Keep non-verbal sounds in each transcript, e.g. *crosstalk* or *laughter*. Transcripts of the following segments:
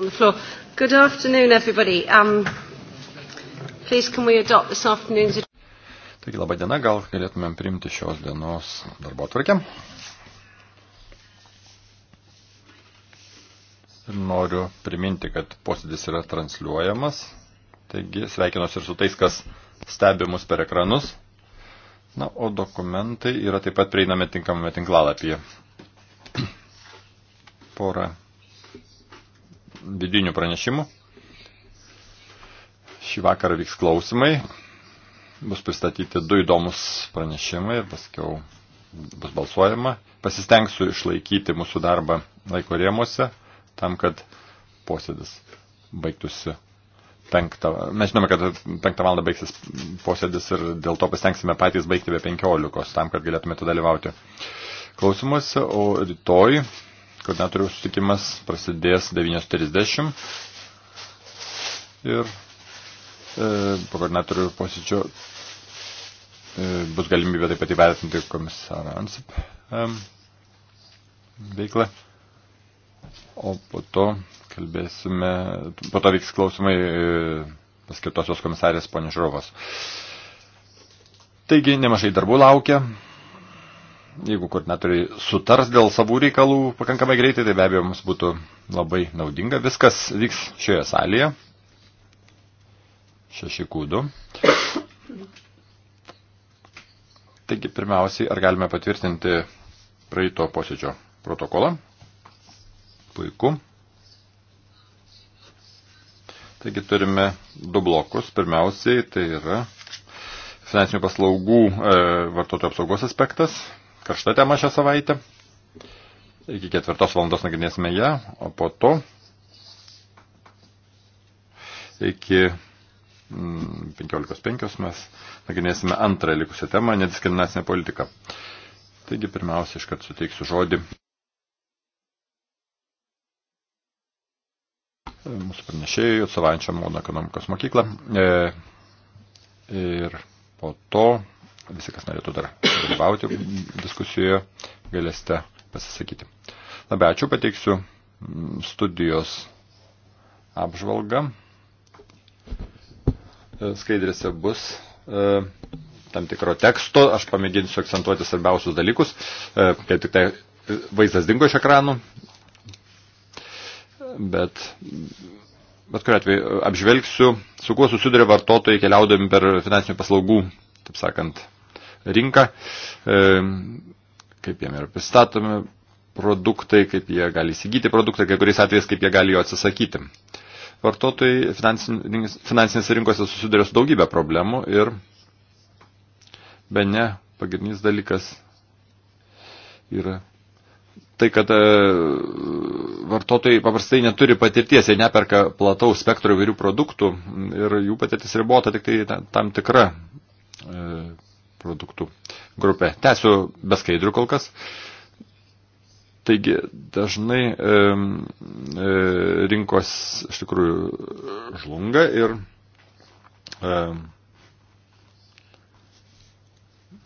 On the floor. Good afternoon, everybody. Um, please, can we adopt this afternoon's... Taigi, laba diena, gal galėtumėm priimti šios dienos darbo atvarkę. Noriu priminti, kad posėdis yra transliuojamas. Taigi, sveikinuosi ir su tais, kas stebi mus per ekranus. Na, o dokumentai yra taip pat prieinami tinkamame tinklalapyje. *clears throat* Porą vidinių pranešimų. Šį vakarą vyks klausimai, bus pristatyti du įdomus pranešimai ir paskiau bus balsuojama. Pasistengsiu išlaikyti mūsų darbą laiko rėmuose, tam, kad posėdis baigtųsi penktą. Mes žinome, kad penktą valandą baigsis posėdis ir dėl to pasitengsime patys baigti be penkiolikos, tam, kad galėtumėte dalyvauti klausimuose, o rytoj koordinatorių sutikimas prasidės 9.30 ir e, po koordinatorių posėdžio e, bus galimybė taip pat įvertinti komisarą Ansip e, veiklą. O po to kalbėsime, po to vyks klausimai paskirtosios komisarės ponė Žrovas. Taigi nemažai darbų laukia. Jeigu koordinatoriai sutars dėl savų reikalų pakankamai greitai, tai be abejo mums būtų labai naudinga. Viskas vyks šioje salėje. Šeši kūdų. Taigi, pirmiausiai, ar galime patvirtinti praeito posėdžio protokolą? Puiku. Taigi turime du blokus. Pirmiausiai tai yra finansinių paslaugų e, vartotojų apsaugos aspektas, karšta tema šią savaitę. Iki ketvirtos valandos nagrinėsime ją, o po to iki 15.05 mm, mes nagrinėsime antrą likusią temą – nediskriminacinę politiką. Taigi pirmiausia, iškart suteiksiu žodį mūsų pranešėjų, atsovančiam Mono ekonomikos mokyklą. E, ir po to visi, kas norėtų dar dalyvauti diskusijoje, galėsite pasisakyti. Labai ačiū, pateiksiu studijos apžvalgą. Skaidrėse bus e, tam tikro teksto, aš pamėginsiu akcentuoti svarbiausius dalykus, e, kai tik tai vaizdas dingo iš ekranų, bet, bet kuriuo atveju apžvelgsiu, su kuo susiduria vartotojai keliaudami per finansinių paslaugų, taip sakant, rinką, e, kaip jiem yra pristatomi produktai, kaip jie gali įsigyti produktą, kai kuriais atvejais kaip jie gali jo atsisakyti. Vartotojai finansinėse rinkose susiduria su daugybė problemų ir be ne pagrindinis dalykas yra tai, kad e, vartotojai paprastai neturi patirties, jie neperka plataus spektro įvairių produktų ir jų patirtis ribota tik tai tam tikra e, produktų grupę. Tęsiu beskaidrių kol kas. Taigi dažnai e, e, rinkos iš tikrųjų žlunga ir e,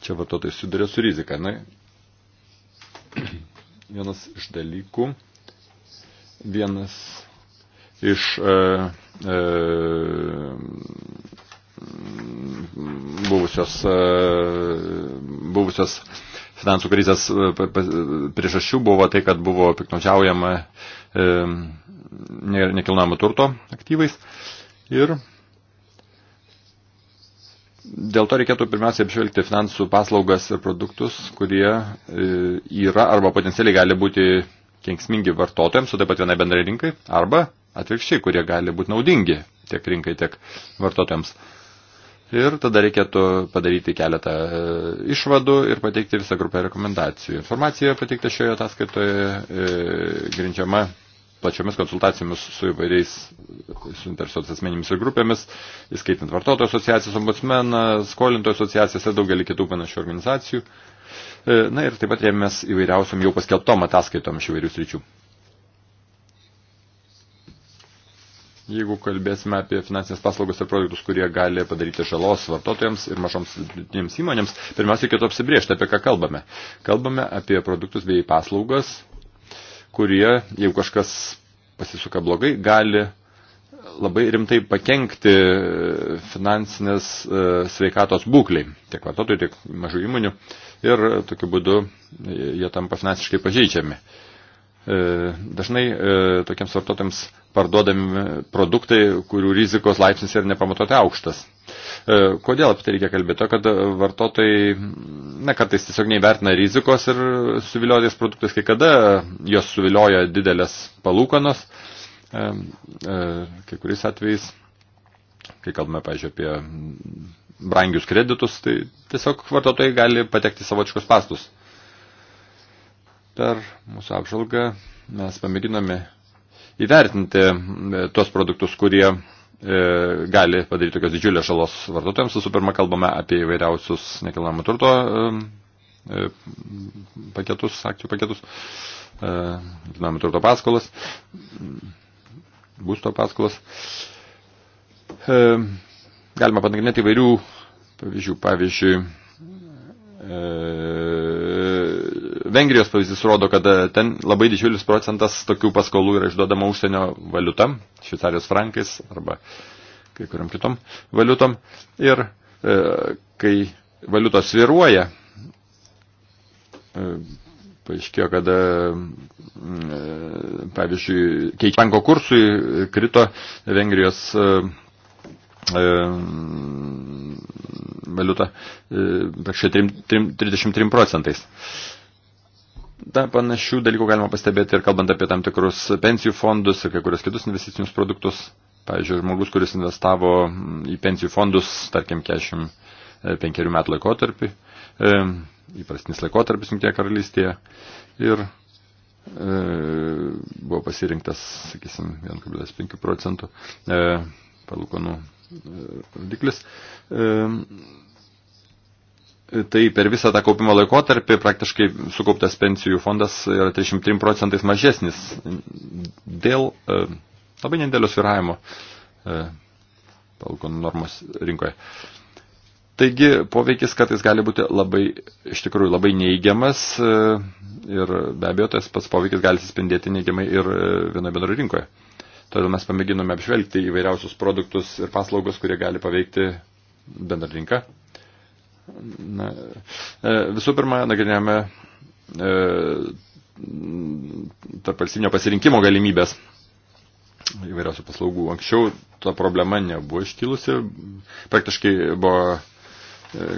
čia vartotojai sudarė su rizika. Na, *clears throat* vienas iš dalykų, vienas iš e, e, buvusios, e, buvusios finansų krizės e, priežasčių buvo tai, kad buvo piknaudžiaujama e, nekilnojamo turto aktyvais. Ir dėl to reikėtų pirmiausiai apžvelgti finansų paslaugas ir produktus, kurie yra arba potencialiai gali būti kenksmingi vartotojams, o taip pat vienai bendrai rinkai, arba atvirkščiai, kurie gali būti naudingi tiek rinkai, tiek vartotojams. Uh, Ir tada reikėtų padaryti keletą e, išvadų ir pateikti visą grupę rekomendacijų. Informacija pateikta šioje ataskaitoje e, grindžiama plačiomis konsultacijomis su įvairiais suinteresuotis asmenimis ir grupėmis, įskaitant vartotojų asociacijas, ombudsmeną, skolintojų asociacijas ir daugelį kitų panašių organizacijų. E, na ir taip pat rėmės įvairiausiam jau paskelbtom ataskaitom iš įvairių sričių. Jeigu kalbėsime apie finansinės paslaugas ir produktus, kurie gali padaryti žalos vartotojams ir mažoms vidutinėms įmonėms, pirmiausia, reikėtų apsibriežti, apie ką kalbame. Kalbame apie produktus bei paslaugas, kurie, jeigu kažkas pasisuka blogai, gali labai rimtai pakenkti finansinės e, sveikatos būkliai, tiek vartotojų, tiek mažų įmonių, ir tokiu būdu e, jie tampa finansiškai pažeidžiami. Uh, E, dažnai e, tokiems vartotojams parduodami produktai, kurių rizikos laipsnis yra nepamatuotai aukštas. E, kodėl apie tai reikia kalbėti? To, kad vartotojai na, kartais tiesiog neįvertina rizikos ir suviliotais produktais, kai kada jos suvilioja didelės palūkanos, kai kuriais atvejais, kai kalbame, pažiūrėjau, apie brangius kreditus, tai tiesiog vartotojai gali patekti savočius pastus. Per mūsų apžalgą mes pamėginome įvertinti e, tuos produktus, kurie e, gali padaryti tokios didžiulės žalos vartotojams. Visų pirma, kalbame apie įvairiausius nekilnojamo turto e, paketus, akcijų paketus, nekilnojamo turto paskolas, būsto paskolas. Galima panagrinėti įvairių pavyzdžių. Pavyzdžiui, Vengrijos pavyzdys rodo, kad e, ten labai didžiulis procentas tokių paskolų yra išduodama užsienio valiuta, šveicarijos frankais arba kai kuriam kitom valiutom. Ir e, kai valiutos sviruoja, e, paaiškėjo, kad e, e, pavyzdžiui, keičiant banko kursui krito Vengrijos valiuta e, 33 procentais. Da, panašių dalykų galima pastebėti ir kalbant apie tam tikrus pensijų fondus ir kai kurios kitus investicinius produktus. Pavyzdžiui, žmogus, kuris investavo į pensijų fondus, tarkim, 45 metų laikotarpį, e, įprastinis laikotarpis Junktinėje karalystėje, ir e, buvo pasirinktas, sakysim, 1,5 procentų e, palūkanų e, rodiklis. E, tai per visą tą kaupimo laikotarpį praktiškai sukauptas pensijų fondas yra 33 procentais mažesnis dėl e, labai nedėlio sviravimo e, palūkanų normos rinkoje. Taigi poveikis kartais gali būti labai, iš tikrųjų, labai neigiamas e, ir be abejo tas pats poveikis gali suspindėti neigiamai ir e, vienoje bendroje rinkoje. Todėl mes pamėginome apžvelgti įvairiausius produktus ir paslaugus, kurie gali paveikti bendrą rinką Na, e, visų pirma, nagrinėjame e, tarp valstybinio pasirinkimo galimybės įvairiausių paslaugų. Anksčiau ta problema nebuvo iškilusi, praktiškai buvo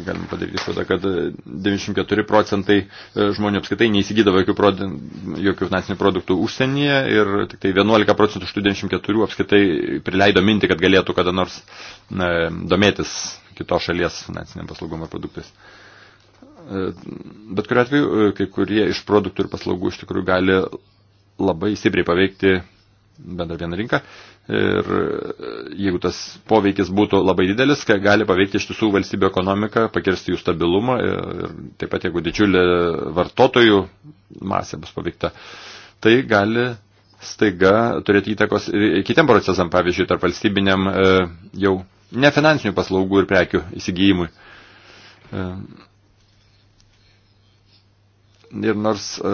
galim padaryti išvadą, kad 94 e, procentai e, žmonių apskaitai neįsigydavo jokių, produ, jokių finansinių produktų užsienyje ir tik tai 11 procentų iš tų 94 apskaitai prileido minti, kad galėtų kada nors na, e, domėtis kitos šalies finansiniam paslaugom ar produktais. Bet kuriuo atveju, kai kurie iš produktų ir paslaugų iš tikrųjų gali labai stipriai paveikti bendrą vieną rinką Ir e, jeigu tas poveikis būtų labai didelis, kai gali paveikti iš tiesų valstybių ekonomiką, pakirsti jų stabilumą ir taip pat jeigu didžiulė vartotojų masė bus paveikta, tai gali staiga turėti įtakos ir kitiem procesam, pavyzdžiui, tarp valstybiniam e, jau nefinansinių paslaugų ir prekių įsigijimui. E, Ir nors e,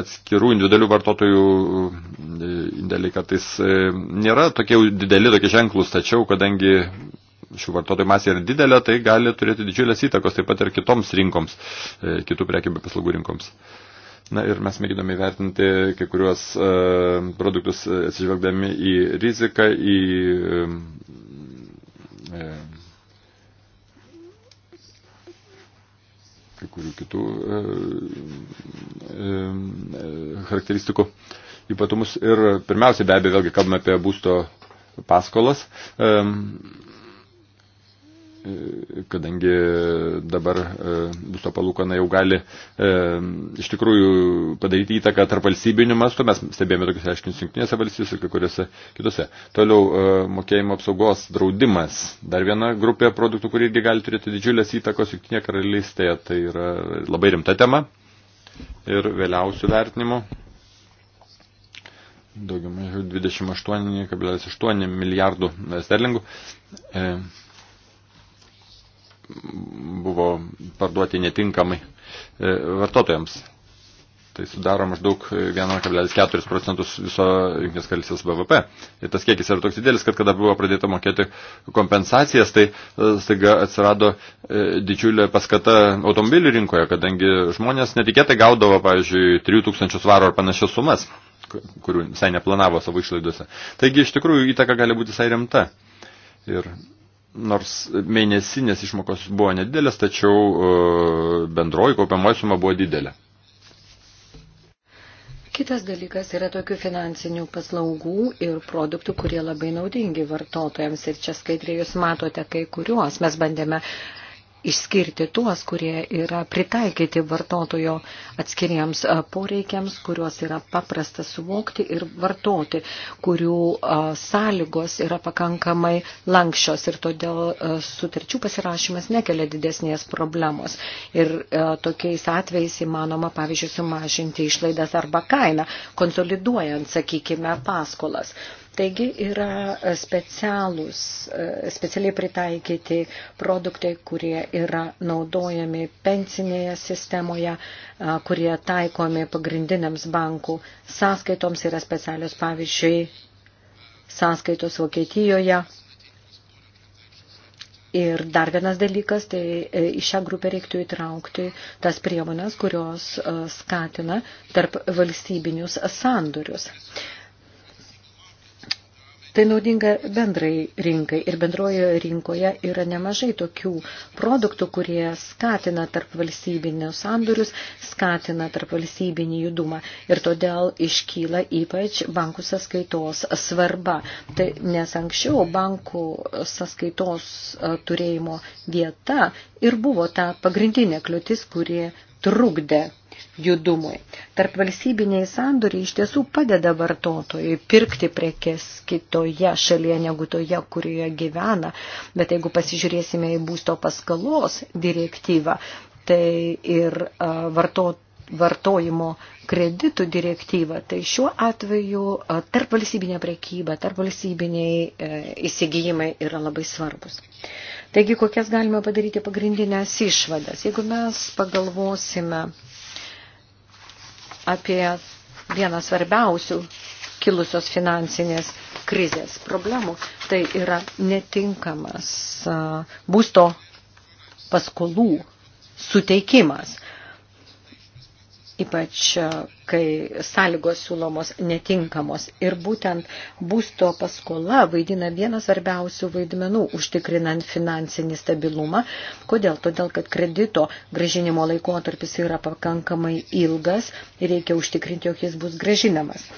atskirų individualių vartotojų e, indėliai kartais e, nėra tokie dideli, tokie ženklus, tačiau kadangi šių vartotojų masė yra didelė, tai gali turėti didžiulės įtakos taip pat ir kitoms rinkoms, kitų prekių bei paslaugų rinkoms. Na ir mes mėginame įvertinti kai kuriuos e, produktus atsižvelgdami į riziką, į e, kai kurių kitų e, e, e, charakteristikų ypatumus. Ir pirmiausia, be abejo, vėlgi kalbame apie būsto paskolas. E, kadangi dabar e, viso palūkana jau gali e, iš tikrųjų padaryti įtaką tarp valstybinių mastų, mes stebėjome tokius reiškinius jungtinėse valstybėse ir kai kuriuose kitose. Toliau e, mokėjimo apsaugos draudimas. Dar viena grupė produktų, kurie irgi gali turėti didžiulės įtakos jungtinėje karalystėje, tai yra labai rimta tema ir vėliausių vertinimų. Daugiau mažiau 28,8 milijardų sterlingų. E, buvo parduoti netinkamai e, vartotojams. Tai sudaro maždaug 1,4 procentus viso Junkinės karalystės BVP. Ir tas kiekis yra toks didelis, kad kada buvo pradėta mokėti kompensacijas, tai e, staiga atsirado e, didžiulė paskata automobilių rinkoje, kadangi žmonės netikėtai gaudavo, pavyzdžiui, 3000 svarų ar panašias sumas, kurių visai neplanavo savo išlaidose. Taigi, iš tikrųjų, įtaka gali būti visai rimta. Ir nors mėnesinės išmokos buvo nedidelės, tačiau e, bendroji kaupiamoji suma buvo didelė. Kitas dalykas yra tokių finansinių paslaugų ir produktų, kurie labai naudingi vartotojams. Ir čia skaidriai jūs matote kai kuriuos. Mes bandėme uh, išskirti tuos, kurie yra pritaikyti vartotojo atskiriems poreikiams, kuriuos yra paprasta suvokti ir vartoti, kurių sąlygos yra pakankamai lankščios ir todėl sutarčių pasirašymas nekelia didesnės problemos. Ir tokiais atvejais įmanoma, pavyzdžiui, sumažinti išlaidas arba kainą, konsoliduojant, sakykime, paskolas. Taigi yra e, specialūs, e, specialiai pritaikyti produktai, kurie yra naudojami pensinėje sistemoje, kurie taikomi pagrindiniams bankų sąskaitoms, yra specialios pavyzdžiui sąskaitos Vokietijoje. Ir dar vienas dalykas, tai e, į šią grupę reiktų įtraukti tas priemonės, kurios skatina tarp valstybinius sandurius. Tai naudinga bendrai rinkai ir bendroje rinkoje yra nemažai tokių produktų, kurie skatina tarp valstybinius sandorius, skatina tarp valstybinį judumą ir todėl iškyla ypač bankų sąskaitos svarba. Tai, nes anksčiau bankų sąskaitos e, turėjimo vieta ir buvo ta pagrindinė kliūtis, kurie trukdė judumui. Tarp valstybiniai sandoriai iš tiesų padeda vartotojui pirkti prekes kitoje šalyje negu toje, kurioje gyvena. Bet jeigu pasižiūrėsime į būsto paskalos direktyvą, tai ir vartotojų vartojimo kreditų direktyvą, tai šiuo atveju tarp valstybinė prekyba, tarp valstybiniai e, įsigijimai yra labai svarbus. Taigi, kokias galime padaryti pagrindinės išvadas? Jeigu mes pagalvosime apie vieną svarbiausių kilusios finansinės krizės problemų. Tai yra netinkamas būsto paskolų suteikimas ypač e, kai sąlygos siūlomos netinkamos. Ir būtent būsto paskola vaidina vieną svarbiausių vaidmenų užtikrinant finansinį stabilumą. Kodėl? Todėl, kad kredito gražinimo laikotarpis yra pakankamai ilgas ir reikia užtikrinti, jog jis bus gražinamas.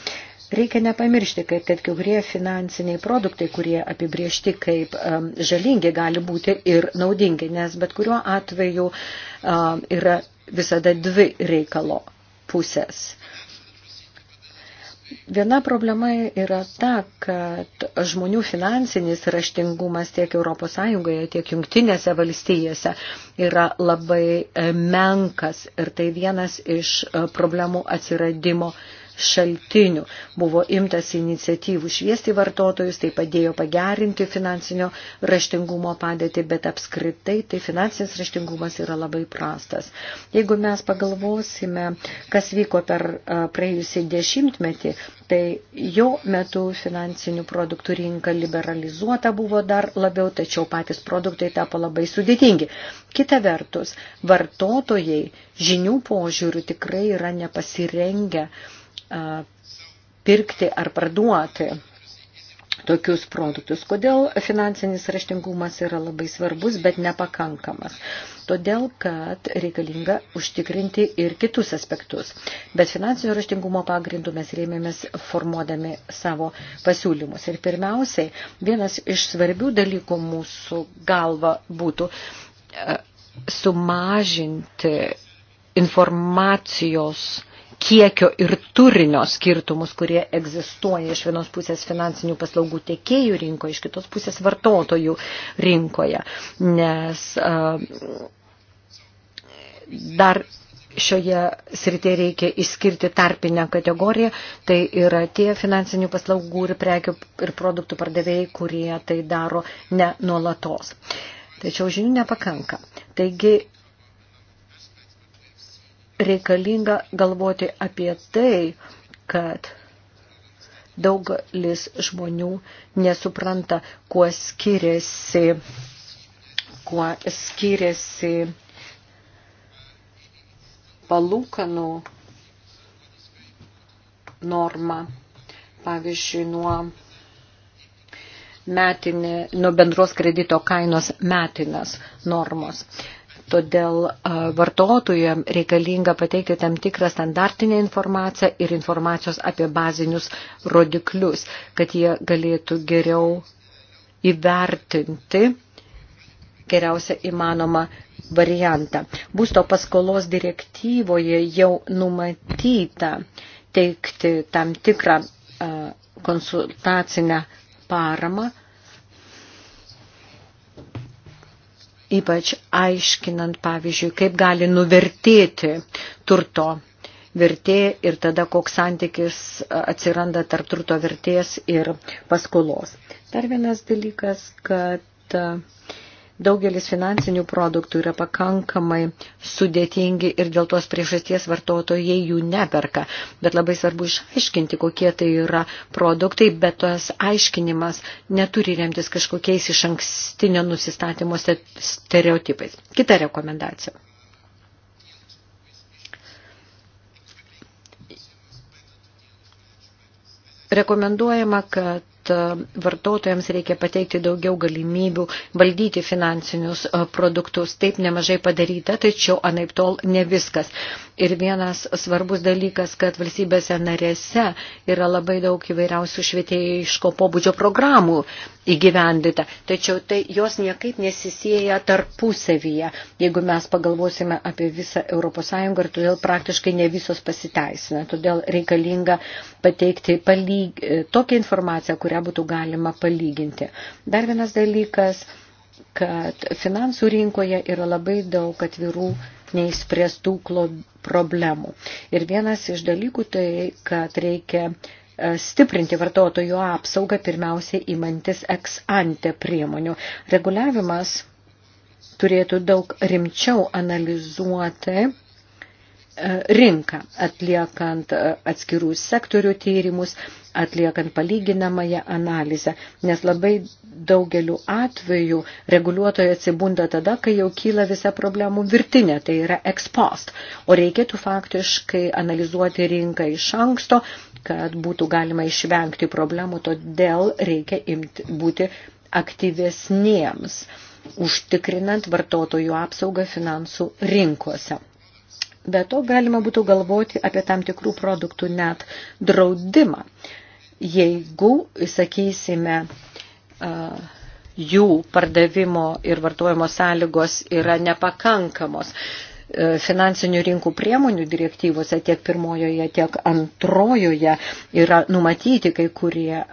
Reikia nepamiršti, kad, kad kai kurie finansiniai produktai, kurie apibriežti kaip um, žalingi, gali būti ir naudingi, nes bet kuriuo atveju um, yra visada dvi reikalo pusės. Viena problema yra ta, kad žmonių finansinis raštingumas tiek ES, tiek jungtinėse valstijose yra labai e, menkas ir tai vienas iš e, problemų atsiradimo šaltinių. Buvo imtas iniciatyvų šviesti vartotojus, tai padėjo pagerinti finansinio raštingumo padėtį, bet apskritai tai finansinis raštingumas yra labai prastas. Jeigu mes pagalvosime, kas vyko per praėjusį dešimtmetį, tai jo metu finansinių produktų rinka liberalizuota buvo dar labiau, tačiau patys produktai tapo labai sudėtingi. Kita vertus, vartotojai žinių požiūrių tikrai yra nepasirengę uh, pirkti ar parduoti tokius produktus. Kodėl finansinis raštingumas yra labai svarbus, bet nepakankamas? Todėl, kad reikalinga užtikrinti ir kitus aspektus. Bet finansinio raštingumo pagrindų mes rėmėmės formuodami savo pasiūlymus. Ir pirmiausiai, vienas iš svarbių dalykų mūsų galva būtų sumažinti informacijos kiekio ir turinio skirtumus, kurie egzistuoja iš vienos pusės finansinių paslaugų tiekėjų rinkoje, iš kitos pusės vartotojų rinkoje. Nes e, dar šioje srityje reikia išskirti tarpinę kategoriją, tai yra tie finansinių paslaugų ir prekių ir produktų pardavėjai, kurie tai daro ne nuolatos. Tačiau žinių nepakanka. Taigi reikalinga galvoti apie tai, kad daugelis žmonių nesupranta, kuo skiriasi, kuo skiriasi palūkanų norma, pavyzdžiui, nuo metinė, nuo bendros kredito kainos metinės normos. Todėl vartotojams reikalinga pateikti tam tikrą standartinę informaciją ir informacijos apie bazinius rodiklius, kad jie galėtų geriau įvertinti geriausią įmanomą variantą. Būsto paskolos direktyvoje jau numatyta teikti tam tikrą konsultacinę paramą ypač aiškinant, pavyzdžiui, kaip gali nuvertėti turto vertė ir tada koks santykis atsiranda tarp turto vertės ir paskolos. Dar vienas dalykas, kad Daugelis finansinių produktų yra pakankamai sudėtingi ir dėl tos priežasties vartotojai jų neperka. Bet labai svarbu išaiškinti, kokie tai yra produktai, bet tas aiškinimas neturi remtis kažkokiais iš ankstinio nusistatymo stereotipais. Kita rekomendacija. Rekomenduojama, kad kad e, vartotojams reikia pateikti daugiau galimybių valdyti finansinius e, produktus. Taip nemažai padaryta, tačiau anaip tol ne viskas. Ir vienas svarbus dalykas, kad valstybėse narėse yra labai daug įvairiausių švietėjiško pobūdžio programų įgyvendita, tačiau tai jos niekaip nesisėja tarpusavyje, jeigu mes pagalvosime apie visą ES ir todėl praktiškai ne visos pasiteisina. Todėl reikalinga pateikti palyg... tokią informaciją, kurią kurią būtų galima palyginti. Dar vienas dalykas, kad finansų rinkoje yra labai daug atvirų neįspręstų problemų. Ir vienas iš dalykų tai, kad reikia e, stiprinti vartotojų apsaugą, pirmiausiai įmantis ex ante priemonių. Reguliavimas turėtų daug rimčiau analizuoti E, rinką, atliekant e, atskirų sektorių tyrimus, atliekant palyginamąją analizę, nes labai daugeliu atveju reguliuotojai atsibunda tada, kai jau kyla visa problemų virtinė, tai yra ekspost, o reikėtų faktiškai analizuoti rinką iš anksto, kad būtų galima išvengti problemų, todėl reikia imti, būti aktyvesniems, užtikrinant vartotojų apsaugą finansų rinkose. Be to galima būtų galvoti apie tam tikrų produktų net draudimą. Jeigu, sakysime, jų pardavimo ir vartojimo sąlygos yra nepakankamos e, finansinių rinkų priemonių direktyvose tiek pirmojoje, tiek antrojoje yra numatyti kai kurie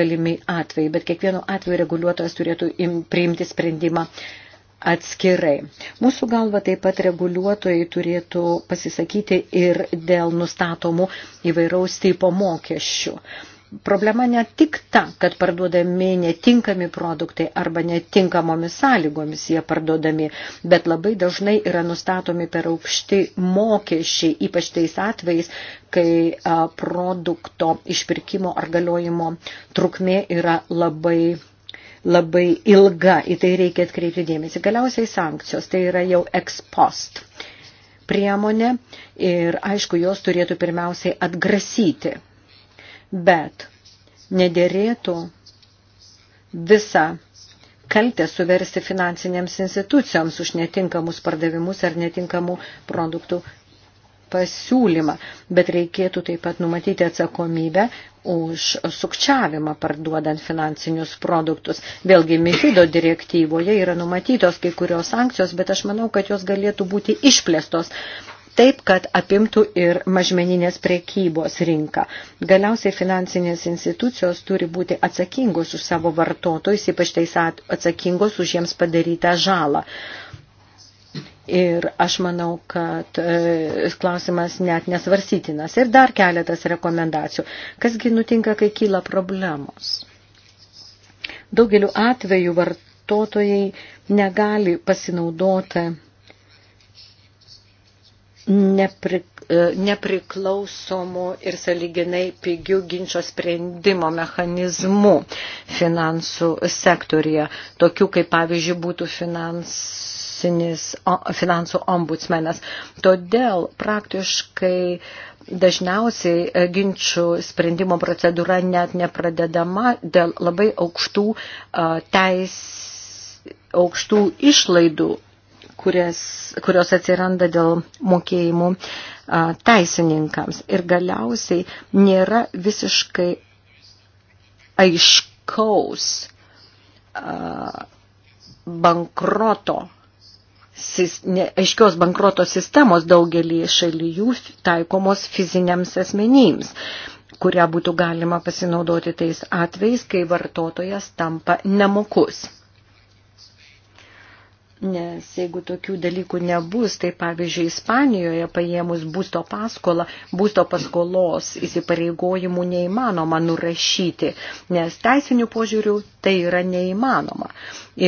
galimi atvejai, bet kiekvienu atveju reguliuotojas turėtų im, priimti sprendimą atskirai. Mūsų galva taip pat reguliuotojai turėtų pasisakyti ir dėl nustatomų įvairaus tipo mokesčių. Problema ne tik ta, kad parduodami netinkami produktai arba netinkamomis sąlygomis jie parduodami, bet labai dažnai yra nustatomi per aukšti mokesčiai, ypač tais atvejais, kai produkto išpirkimo ar galiojimo trukmė yra labai labai ilga, į tai reikia atkreipti dėmesį. Galiausiai sankcijos, tai yra jau ex post priemonė ir aišku, jos turėtų pirmiausiai atgrasyti, bet nederėtų visą kaltę suversti finansinėms institucijoms už netinkamus pardavimus ar netinkamų produktų pasiūlymą, bet reikėtų taip pat numatyti atsakomybę už sukčiavimą parduodant finansinius produktus. Vėlgi, MIFIDO direktyvoje yra numatytos kai kurios sankcijos, bet aš manau, kad jos galėtų būti išplėstos taip, kad apimtų ir mažmeninės prekybos rinką. Galiausiai finansinės institucijos turi būti atsakingos už savo vartotojus, ypač tais atsakingos už jiems padarytą žalą. Ir aš manau, kad e, klausimas net nesvarsytinas. Ir dar keletas rekomendacijų. Kasgi nutinka, kai kyla problemos? Daugeliu atveju vartotojai negali pasinaudoti nepri, e, nepriklausomu ir saliginai pigių ginčio sprendimo mechanizmų finansų sektorija, tokių kaip pavyzdžiui būtų finansų finansinis, finansų ombudsmenas. Todėl praktiškai dažniausiai e, ginčių sprendimo procedūra net nepradedama dėl labai aukštų e, teis, aukštų išlaidų, kurias, kurios atsiranda dėl mokėjimų e, teisininkams. Ir galiausiai nėra visiškai aiškaus bankroto aiškios bankroto sistemos daugelį šalyjų taikomos fiziniams asmenims kurią būtų galima pasinaudoti tais atvejais, kai vartotojas tampa nemokus. Nes jeigu tokių dalykų nebus, tai pavyzdžiui, Ispanijoje paėmus būsto paskolą, būsto paskolos įsipareigojimų neįmanoma nurašyti, nes teisinių požiūrių tai yra neįmanoma.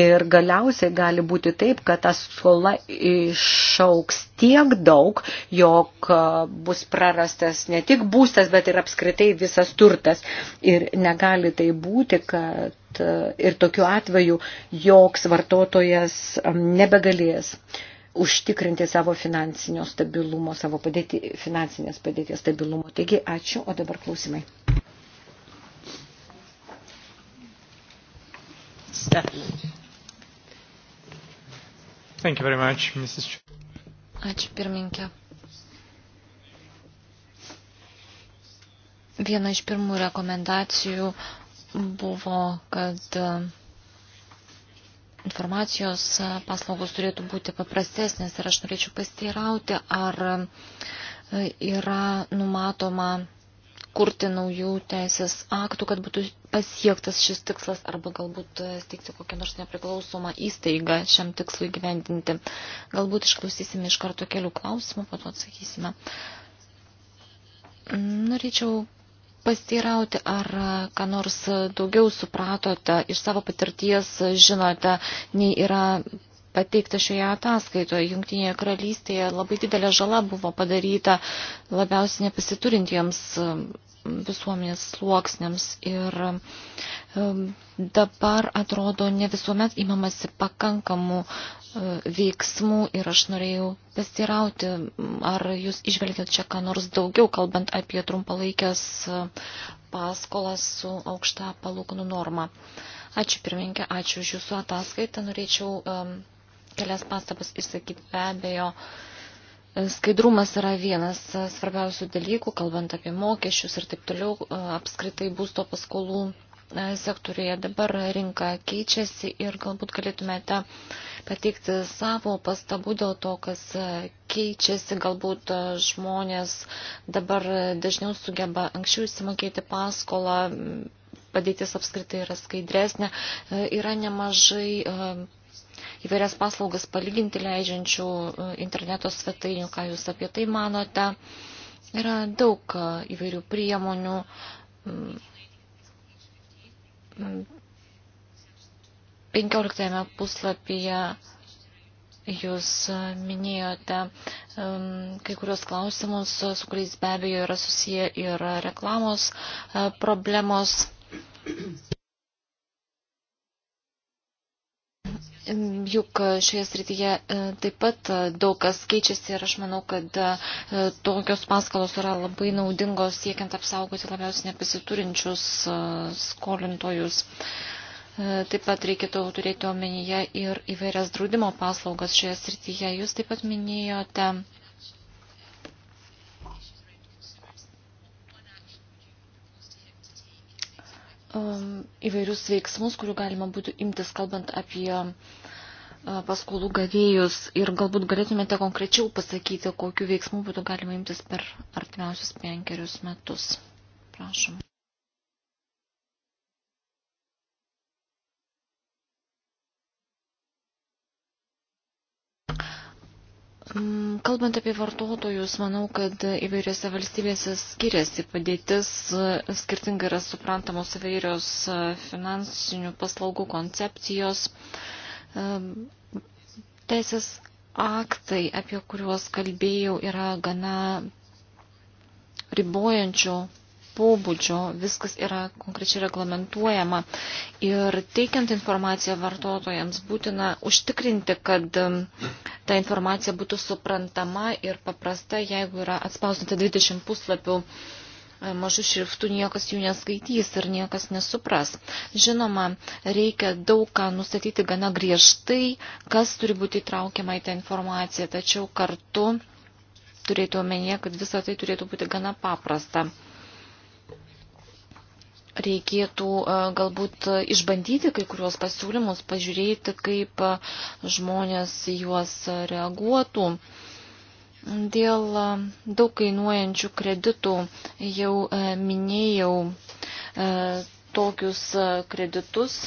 Ir galiausiai gali būti taip, kad ta skola išauks tiek daug, jog bus prarastas ne tik būstas, bet ir apskritai visas turtas. Ir negali tai būti, kad E, ir tokiu atveju joks vartotojas nebegalės užtikrinti savo finansinio stabilumo, savo padėti, finansinės padėties stabilumo. Taigi, ačiū, o dabar klausimai. Thank you very much, Mrs. Ačiū pirminkė. Viena iš pirmų rekomendacijų buvo, kad e, informacijos paslaugos turėtų būti paprastesnės ir aš norėčiau pasteirauti, ar e, yra numatoma kurti naujų teisės aktų, kad būtų pasiektas šis tikslas arba galbūt e, steigti kokią nors nepriklausomą įstaigą šiam tikslui gyvendinti. Galbūt išklausysime iš karto kelių klausimų, po to atsakysime. Norėčiau pastirauti, ar ką nors daugiau supratote, iš savo patirties žinote, nei yra pateikta šioje ataskaitoje. Jungtinėje karalystėje labai didelė žala buvo padaryta labiausiai nepasiturintiems visuomenės sluoksniams ir dabar atrodo ne visuomet įmamasi pakankamų e, veiksmų ir aš norėjau pasirauti, ar jūs išvelgiat čia ką nors daugiau, kalbant apie trumpalaikės e, paskolas su aukšta palūkanų norma. Ačiū pirmininkė, ačiū už jūsų ataskaitą. Norėčiau um, kelias pastabas išsakyti be abejo. Um, Skaidrumas yra vienas svarbiausių dalykų, kalbant apie mokesčius ir taip toliau, apskritai būsto paskolų e, sektoriuje dabar rinka keičiasi ir galbūt galėtumėte pateikti savo pastabų dėl to, kas e, keičiasi, galbūt e, žmonės dabar dažniau sugeba anksčiau įsimokėti paskolą, padėtis apskritai yra skaidresnė, yra nemažai įvairias paslaugas palyginti leidžiančių e, interneto svetainių, ką jūs apie tai manote. Yra daug e, įvairių priemonių. Mm, mm, penkioliktame puslapyje Jūs e, minėjote kai kurios klausimus, su kuriais be abejo yra susiję ir reklamos problemos. Juk e, šioje srityje e, taip pat e, daug kas keičiasi ir aš manau, kad tokios paskalos yra labai naudingos siekiant apsaugoti labiausiai nepasiturinčius skolintojus. Taip pat reikėtų turėti omenyje ir įvairias draudimo paslaugas šioje srityje. Jūs taip pat minėjote um, įvairius veiksmus, kurių galima būtų imtis, kalbant apie uh, paskolų gavėjus ir galbūt galėtumėte konkrečiau pasakyti, kokiu veiksmu būtų galima imtis per artimiausius penkerius metus. Prašom. Mm, kalbant apie vartotojus, manau, kad įvairiose valstybėse skiriasi padėtis, skirtingai yra suprantamos įvairios e, finansinių paslaugų koncepcijos, e, teisės aktai, apie kuriuos kalbėjau, yra gana ribojančių pobūdžio, viskas yra konkrečiai reglamentuojama. Ir teikiant informaciją vartotojams būtina užtikrinti, kad um, ta informacija būtų suprantama ir paprasta, jeigu yra atspausdinta 20 puslapių e, mažų šriftų niekas jų neskaitys ir niekas nesupras. Žinoma, reikia daug ką nustatyti gana griežtai, kas turi būti įtraukiama į tą informaciją, tačiau kartu turėtų omenyje, kad visą tai turėtų būti gana paprasta reikėtų e, galbūt išbandyti kai kurios pasiūlymus, pažiūrėti, kaip e, žmonės juos reaguotų. Dėl e, daug kainuojančių kreditų jau minėjau tokius kreditus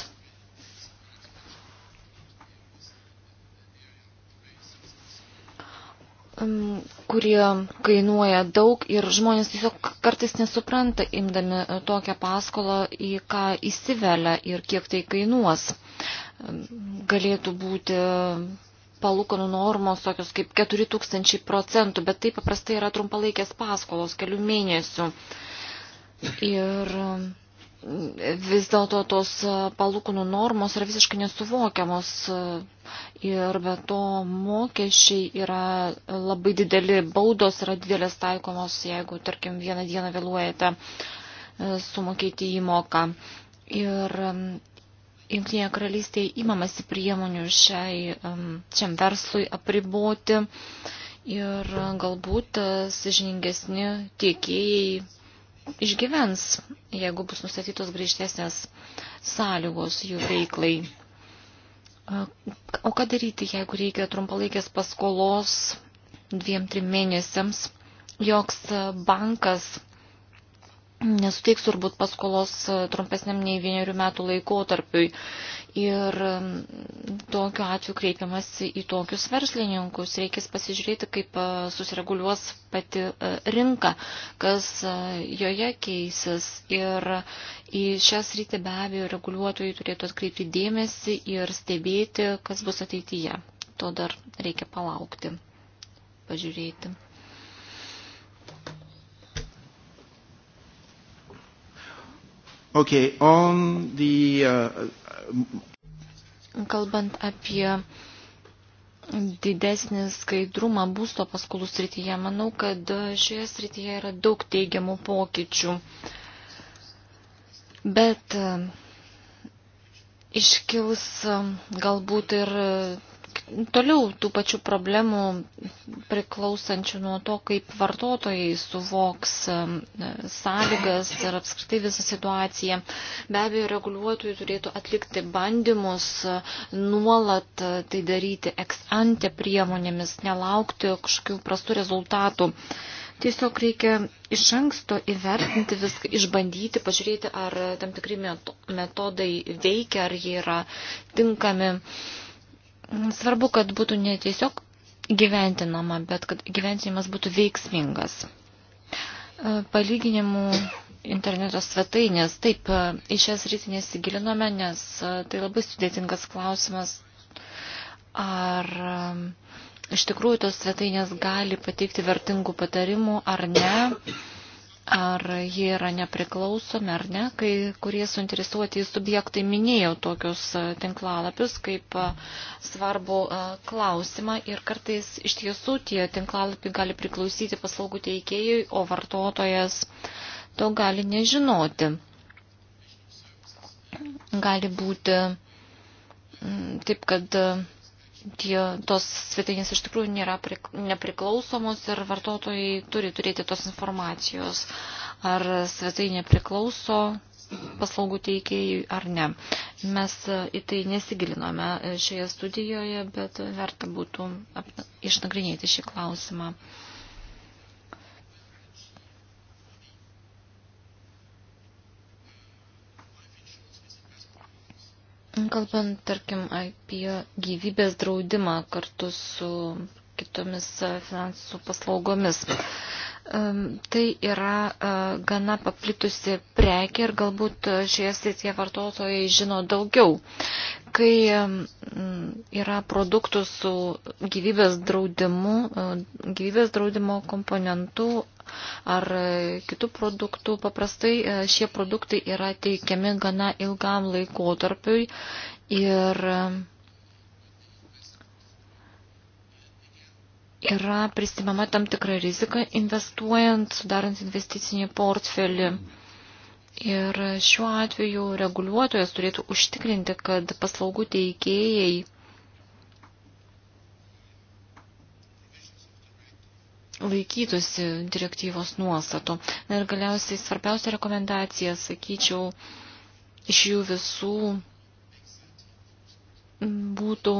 kurie kainuoja daug ir žmonės tiesiog kartais nesupranta, imdami e, tokią paskolą, į ką įsivelia ir kiek tai kainuos. Galėtų būti palūkanų normos tokios kaip 4000 procentų, bet tai paprastai yra trumpalaikės paskolos kelių mėnesių. Ir vis dėlto tos e, palūkanų normos yra visiškai nesuvokiamos e, ir be to mokesčiai yra labai dideli, baudos yra didelės taikomos, jeigu, tarkim, vieną dieną vėluojate e, sumokėti įmoką. Ir Junktinėje karalystėje įmamasi priemonių šiai, šiam verslui apriboti ir galbūt sažiningesni tiekėjai išgyvens, jeigu bus nustatytos grįžtesnės sąlygos jų veiklai. O ką daryti, jeigu reikia trumpalaikės paskolos dviem, trim mėnesiams, joks bankas nesuteiks turbūt paskolos e, trumpesniam nei vienerių metų laikotarpiui. Ir tokiu atveju kreipiamasi į tokius verslininkus. Reikės pasižiūrėti, kaip e, susireguliuos pati e, rinka, kas joje keisis. Ir į šias rytį be abejo reguliuotojai turėtų atkreipti dėmesį ir stebėti, kas bus ateityje. To dar reikia palaukti, pažiūrėti. Okay, on the, uh, Kalbant apie didesnį skaidrumą būsto paskolų srityje, manau, kad šioje srityje yra daug teigiamų pokyčių. Bet iškils galbūt ir toliau tų pačių problemų priklausančių nuo to, kaip vartotojai suvoks sąlygas ir apskritai visą situaciją. Be abejo, reguliuotojai turėtų atlikti bandymus nuolat e, tai daryti ex ante priemonėmis, nelaukti kažkokių prastų rezultatų. Tiesiog reikia iš anksto įvertinti viską, išbandyti, pažiūrėti, ar tam tikri metodai veikia, ar jie yra tinkami. Uh, Svarbu, kad būtų ne tiesiog gyventinama, bet kad gyventinimas būtų veiksmingas. E, palyginimų interneto svetainės, taip, e, į šias rytį nesigilinome, nes e, tai labai sudėtingas klausimas, ar iš tikrųjų tos svetainės gali pateikti vertingų patarimų ar ne ar jie yra nepriklausomi ar ne, kai kurie suinteresuoti subjektai minėjo tokius e, tinklalapius kaip e, svarbu e, klausimą ir kartais iš tiesų tie tinklalapiai gali priklausyti paslaugų teikėjui, o vartotojas to gali nežinoti. Gali būti taip, kad tie, tos svetainės iš tikrųjų nėra prik, nepriklausomos ir vartotojai turi turėti tos informacijos, ar svetainė priklauso paslaugų teikėjai ar ne. Mes į tai nesigilinome šioje studijoje, bet verta būtų išnagrinėti šį klausimą. Kalbant, tarkim, apie gyvybės draudimą kartu su kitomis e, finansų paslaugomis. Tai yra e, gana paplitusi prekė ir galbūt e, šioje srityje vartotojai žino daugiau. Kai yra produktų su gyvybės draudimu, gyvybės draudimo komponentu, ar e, kitų produktų. Paprastai e, šie produktai yra teikiami gana ilgam laikotarpiui ir e, yra prisimama tam tikra rizika investuojant, sudarant investicinį portfelį. Ir šiuo atveju reguliuotojas turėtų užtikrinti, kad paslaugų teikėjai laikytųsi direktyvos nuostatų. Na ir galiausiai svarbiausia rekomendacija, sakyčiau, iš jų visų būtų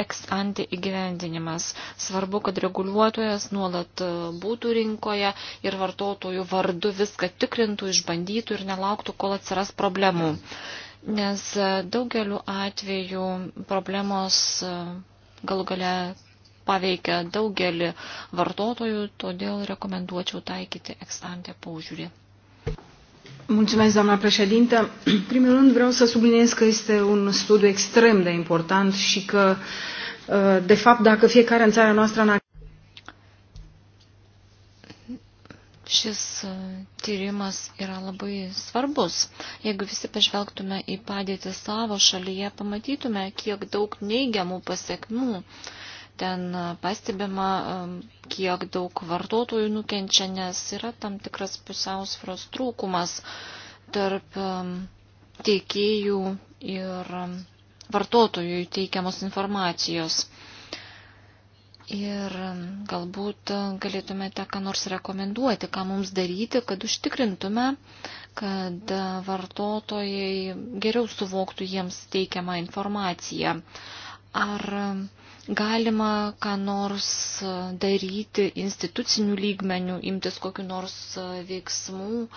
ex ante įgyvendinimas. Svarbu, kad reguliuotojas nuolat būtų rinkoje ir vartotojų vardu viską tikrintų, išbandytų ir nelauktų, kol atsiras problemų. Nes daugeliu atveju problemos galų gale paveikia daugelį vartotojų, todėl rekomenduočiau taikyti ekstantę paužiūrį. Mulțumesc, doamna președintă. În *clears throat* primul rând vreau să subliniez că este un studiu extrem de important și că, uh, de fapt, dacă fiecare în țara noastră... Šis uh, tyrimas yra labai svarbus. Jeigu visi pažvelgtume į padėtį savo šalyje, pamatytume, kiek daug neigiamų pasiekmių uh, Ten pastebima, kiek daug vartotojų nukenčia, nes yra tam tikras pusiausvros trūkumas tarp teikėjų ir vartotojų teikiamos informacijos. Ir galbūt galėtumėte ką nors rekomenduoti, ką mums daryti, kad užtikrintume, kad vartotojai geriau suvoktų jiems teikiamą informaciją. Ar galima ką nors e, daryti institucinių lygmenių, imtis kokiu nors e, veiksmų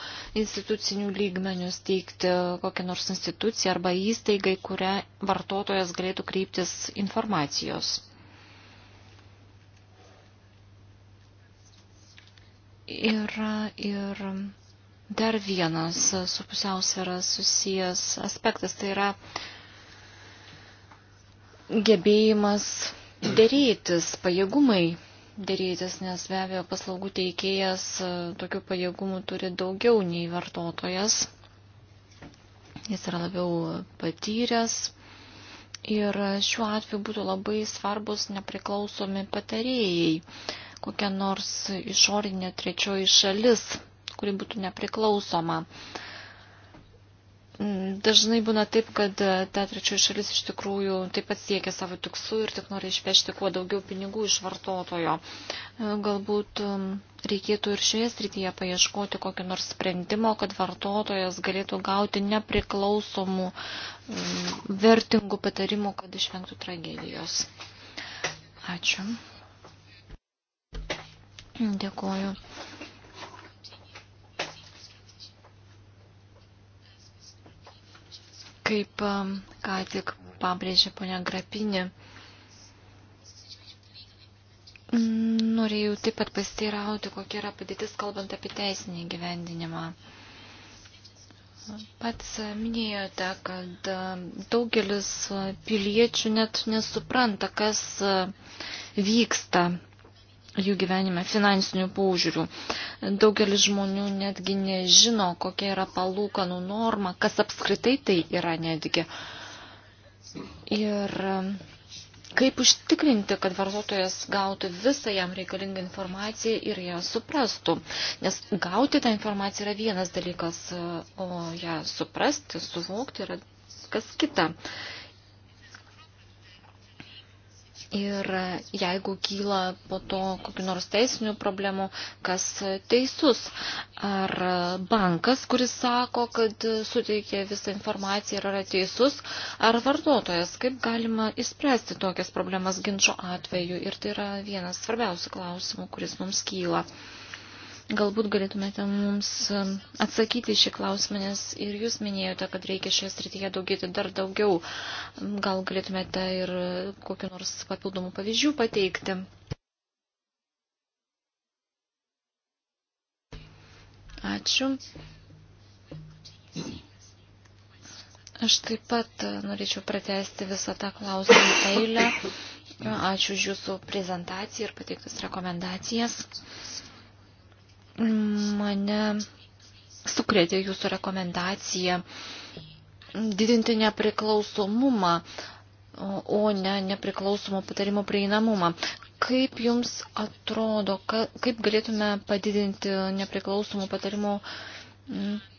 institucinių lygmenių, steigti kokią nors instituciją arba įstaigai, kurią vartotojas galėtų kreiptis informacijos. Yra ir dar vienas su pusiausvėra susijęs aspektas, tai yra uh, gebėjimas dėrėtis, pajėgumai dėrėtis, nes be abejo paslaugų teikėjas e, tokių pajėgumų turi daugiau nei vartotojas. Jis yra labiau patyręs. Ir šiuo atveju būtų labai svarbus nepriklausomi patarėjai, kokia nors išorinė trečioji šalis, kuri būtų nepriklausoma. Uh, Dažnai būna taip, kad e, ta trečioji šalis iš tikrųjų taip pat siekia savo tikslų ir tik nori išpešti kuo daugiau pinigų iš vartotojo. E, galbūt reikėtų ir šioje srityje paieškoti kokio nors sprendimo, kad vartotojas galėtų gauti nepriklausomų vertingų patarimų, kad išvengtų tragedijos. Ačiū. Dėkuoju. Kaip um, ką tik pabrėžė ponia Grapinė, norėjau taip pat pasteirauti, kokia yra padėtis, kalbant apie teisinį gyvendinimą. Pats minėjote, kad um, daugelis piliečių net nesupranta, kas uh, vyksta jų gyvenime finansinių paužiūrių. Daugelis žmonių netgi nežino, kokia yra palūkanų norma, kas apskritai tai yra netgi. Ir um, kaip užtikrinti, kad vartotojas gautų visą jam reikalingą informaciją ir ją suprastų. Nes gauti tą informaciją yra vienas dalykas, o ją suprasti, suvokti yra kas kita. Ir jeigu kyla po to kokiu nors teisinių problemų, kas teisus? Ar bankas, kuris sako, kad suteikė visą informaciją ir yra teisus, ar vartotojas? Kaip galima įspręsti tokias problemas ginčio atveju? Ir tai yra vienas svarbiausių klausimų, kuris mums kyla. Uh, Galbūt galėtumėte mums um, atsakyti šį klausimą, nes ir jūs minėjote, kad reikia šioje srityje daugėti dar daugiau. Um, gal galėtumėte ir kokiu nors papildomų pavyzdžių pateikti. Ačiū. Aš taip pat uh, norėčiau pratesti visą tą klausimą eilę. Ačiū už jūsų prezentaciją ir pateiktas rekomendacijas. Mane sukrėtė jūsų rekomendacija didinti nepriklausomumą, o ne nepriklausomo patarimo prieinamumą. Kaip jums atrodo, ka, kaip galėtume padidinti nepriklausomų patarimų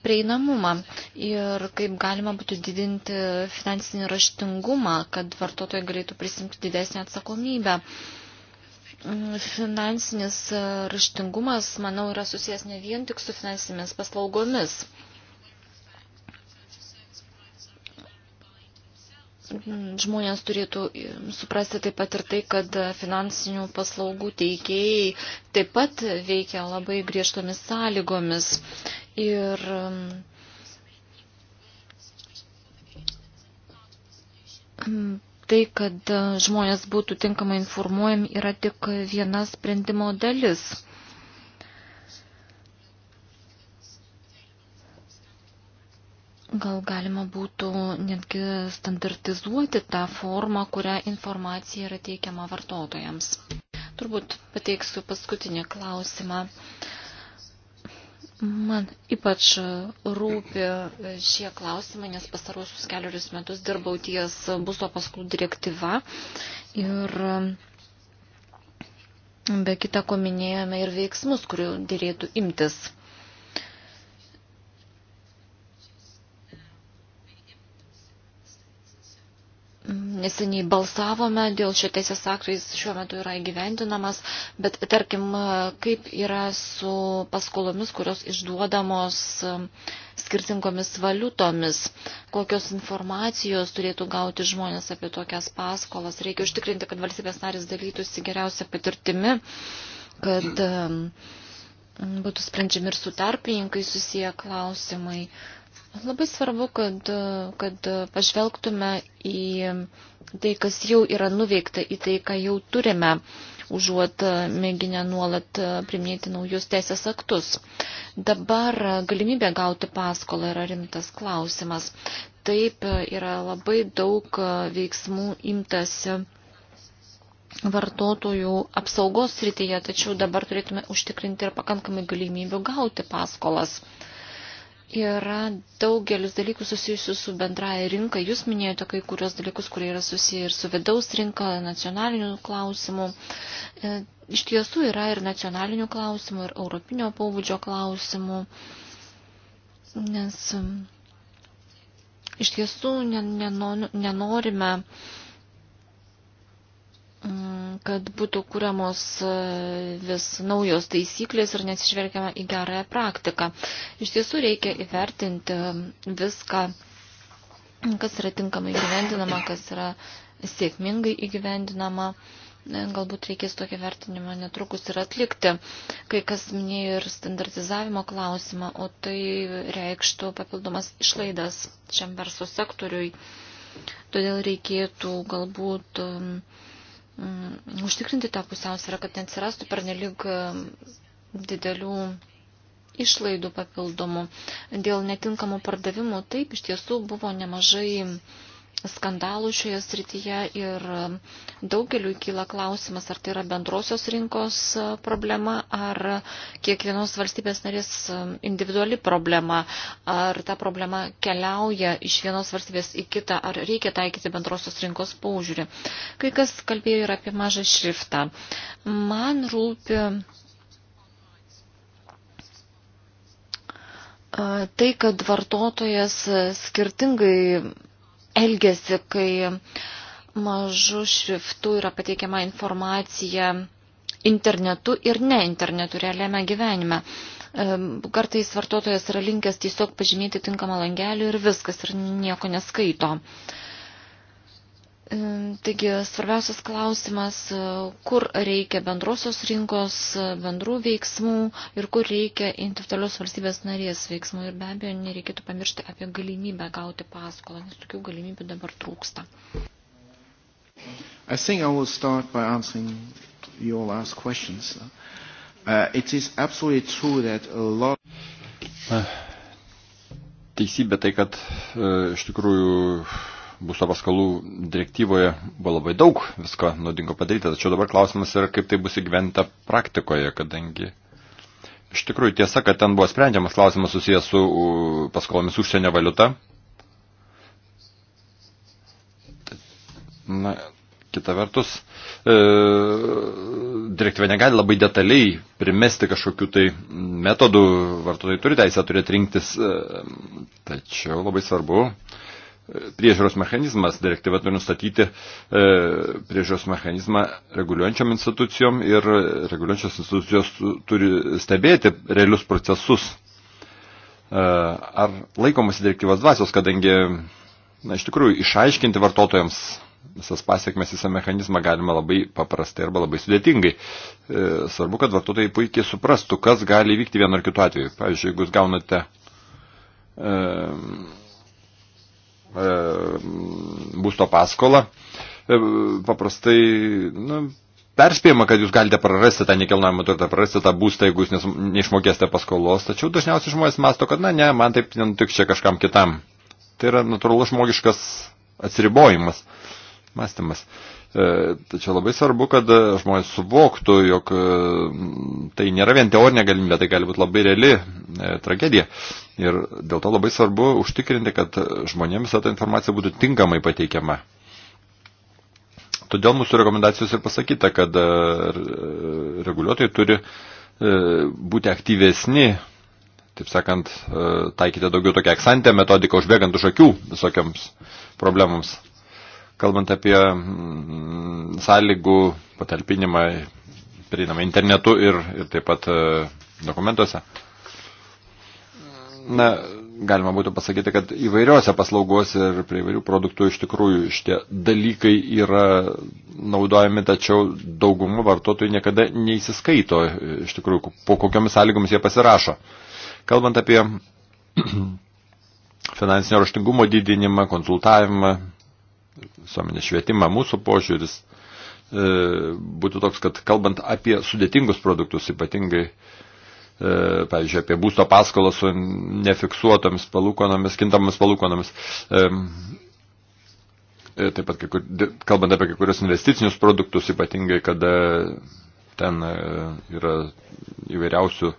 prieinamumą ir kaip galima būtų didinti finansinį raštingumą, kad vartotojai galėtų prisimti didesnį atsakomybę? Uh, Finansinis e, raštingumas, manau, yra susijęs ne vien tik su finansinėmis paslaugomis. žmonės turėtų e, suprasti taip pat ir tai, kad finansinių paslaugų teikėjai taip pat veikia labai griežtomis sąlygomis. Ir tai, kad e, žmonės būtų tinkamai informuojami, yra tik viena sprendimo dalis. Gal galima būtų netgi standartizuoti tą formą, kurią informacija yra teikiama vartotojams. Turbūt pateiksiu paskutinį klausimą. Uh, Man ypač rūpi šie klausimai, nes pastarosius keliarius metus dirbau ties būsto paskolų direktyva ir be kita ko minėjome ir veiksmus, kurių dėrėtų imtis. neseniai balsavome dėl šio teisės akto, jis šiuo metu yra įgyvendinamas, bet tarkim, kaip yra su paskolomis, kurios išduodamos um, skirtingomis valiutomis, kokios informacijos turėtų gauti žmonės apie tokias paskolas. Reikia užtikrinti, kad valstybės narės dalytųsi geriausia patirtimi, kad um, būtų sprendžiami ir su tarpininkai susiję klausimai. Uh, Labai svarbu, kad, kad pažvelgtume į tai, kas jau yra nuveikta, į tai, ką jau turime, užuot mėginę nuolat priminėti naujus teisės aktus. Dabar galimybė gauti paskolą yra rimtas klausimas. Taip yra labai daug veiksmų imtasi vartotojų apsaugos srityje, tačiau dabar turėtume užtikrinti ir pakankamai galimybių gauti paskolas yra daugelis dalykų susijusių su bendraja rinka. Jūs minėjote kai kurios dalykus, kurie yra susiję ir su vidaus rinka, nacionaliniu klausimu. E, iš tiesų yra ir nacionalinių klausimų, ir europinio pobūdžio klausimų, nes e, iš tiesų nenorime kad būtų kūriamos e, vis naujos taisyklės ir nesižvelgiama į gerąją praktiką. Iš tiesų reikia įvertinti viską, kas yra tinkamai įgyvendinama, kas yra sėkmingai įgyvendinama. E, galbūt reikės tokį vertinimą netrukus ir atlikti. Kai kas minėjo ir standartizavimo klausimą, o tai reikštų papildomas išlaidas šiam verslo sektoriui. Todėl reikėtų galbūt um, mm, užtikrinti tą pusiausvyrą, kad neatsirastų per nelik mm, didelių išlaidų papildomų. Dėl netinkamų pardavimų taip iš tiesų buvo nemažai skandalų šioje srityje ir daugeliu kyla klausimas, ar tai yra bendrosios rinkos e, problema, ar kiekvienos valstybės narės e, individuali problema, ar ta problema keliauja iš vienos valstybės į kitą, ar reikia taikyti bendrosios rinkos paužiūrį. Kai kas kalbėjo ir apie mažą šriftą. Man rūpi e, tai, kad vartotojas skirtingai elgesi, kai mažu šriftu yra pateikiama informacija internetu ir ne internetu realiame gyvenime. E, kartais vartotojas yra linkęs tiesiog pažymėti tinkamą langelį ir viskas ir nieko neskaito. Uh, E, taigi svarbiausias klausimas, e, kur reikia bendrosios rinkos, e, bendrų veiksmų ir kur reikia individualios valstybės narės veiksmų. Ir be abejo, nereikėtų pamiršti apie galimybę gauti paskolą, nes tokių galimybių dabar trūksta. I think I will start by answering your last questions. Uh, it is absolutely true that a lot. Teisybė tai, kad iš tikrųjų būsto paskolų direktyvoje buvo labai daug visko naudingo padaryta, tačiau dabar klausimas yra, kaip tai bus įgyventa praktikoje, kadangi iš tikrųjų tiesa, kad ten buvo sprendžiamas klausimas susijęs su paskolomis užsienio valiuta. Na, kita vertus, e, direktyva negali labai detaliai primesti kažkokių tai metodų, vartotojai turi teisę turėti rinktis, e, tačiau labai svarbu, e, priežiūros mechanizmas. Direktyva turi nustatyti e, priežiūros mechanizmą reguliuojančiam institucijom ir reguliuojančios institucijos turi stebėti realius procesus. E, ar laikomas direktyvos dvasios, kadangi na, iš tikrųjų išaiškinti vartotojams visas pasiekmes, visą mechanizmą galima labai paprastai arba labai sudėtingai. E, svarbu, kad vartotojai puikiai suprastų, kas gali įvykti vienu ar kitu atveju. Pavyzdžiui, jeigu jūs gaunate e, E, būsto paskolą, e, paprastai nu, perspėjama, kad jūs galite prarasti tą nekilnojamą turtą, prarasti tą būstą, jeigu jūs neišmokėsite paskolos, tačiau dažniausiai žmonės masto, kad na ne, man taip nenutiks čia kažkam kitam. Tai yra natūralus žmogiškas atsiribojimas. Uh, mąstymas. E, Tačiau labai svarbu, kad e, žmonės suvoktų, jog e, tai nėra vien teorinė galimybė, tai gali būti labai reali tragedija. Ir dėl to labai svarbu užtikrinti, kad žmonėms ta informacija būtų tinkamai pateikiama. Todėl mūsų rekomendacijos ir pasakyta, kad reguliuotojai turi būti aktyvesni taip sakant, taikyti daugiau tokią eksantę metodiką, užbėgant už akių visokiams problemams kalbant apie mm, sąlygų patalpinimą prieinamą internetu ir, ir taip pat e, dokumentuose. Na, galima būtų pasakyti, kad įvairiuose paslaugos ir prie įvairių produktų iš tikrųjų šitie dalykai yra naudojami, tačiau daugumų vartotojų niekada neįsiskaito e, iš tikrųjų, po kokiomis sąlygomis jie pasirašo. Kalbant apie *clears throat* finansinio raštingumo didinimą, konsultavimą, visuomenės švietimą, mūsų požiūris e, būtų toks, kad kalbant apie sudėtingus produktus, ypatingai, e, pavyzdžiui, apie būsto paskolą su nefiksuotomis palūkonomis, kintamomis palūkonomis, e, taip pat kai kur, kalbant apie kai kurios investicinius produktus, ypatingai, kada ten yra įvairiausių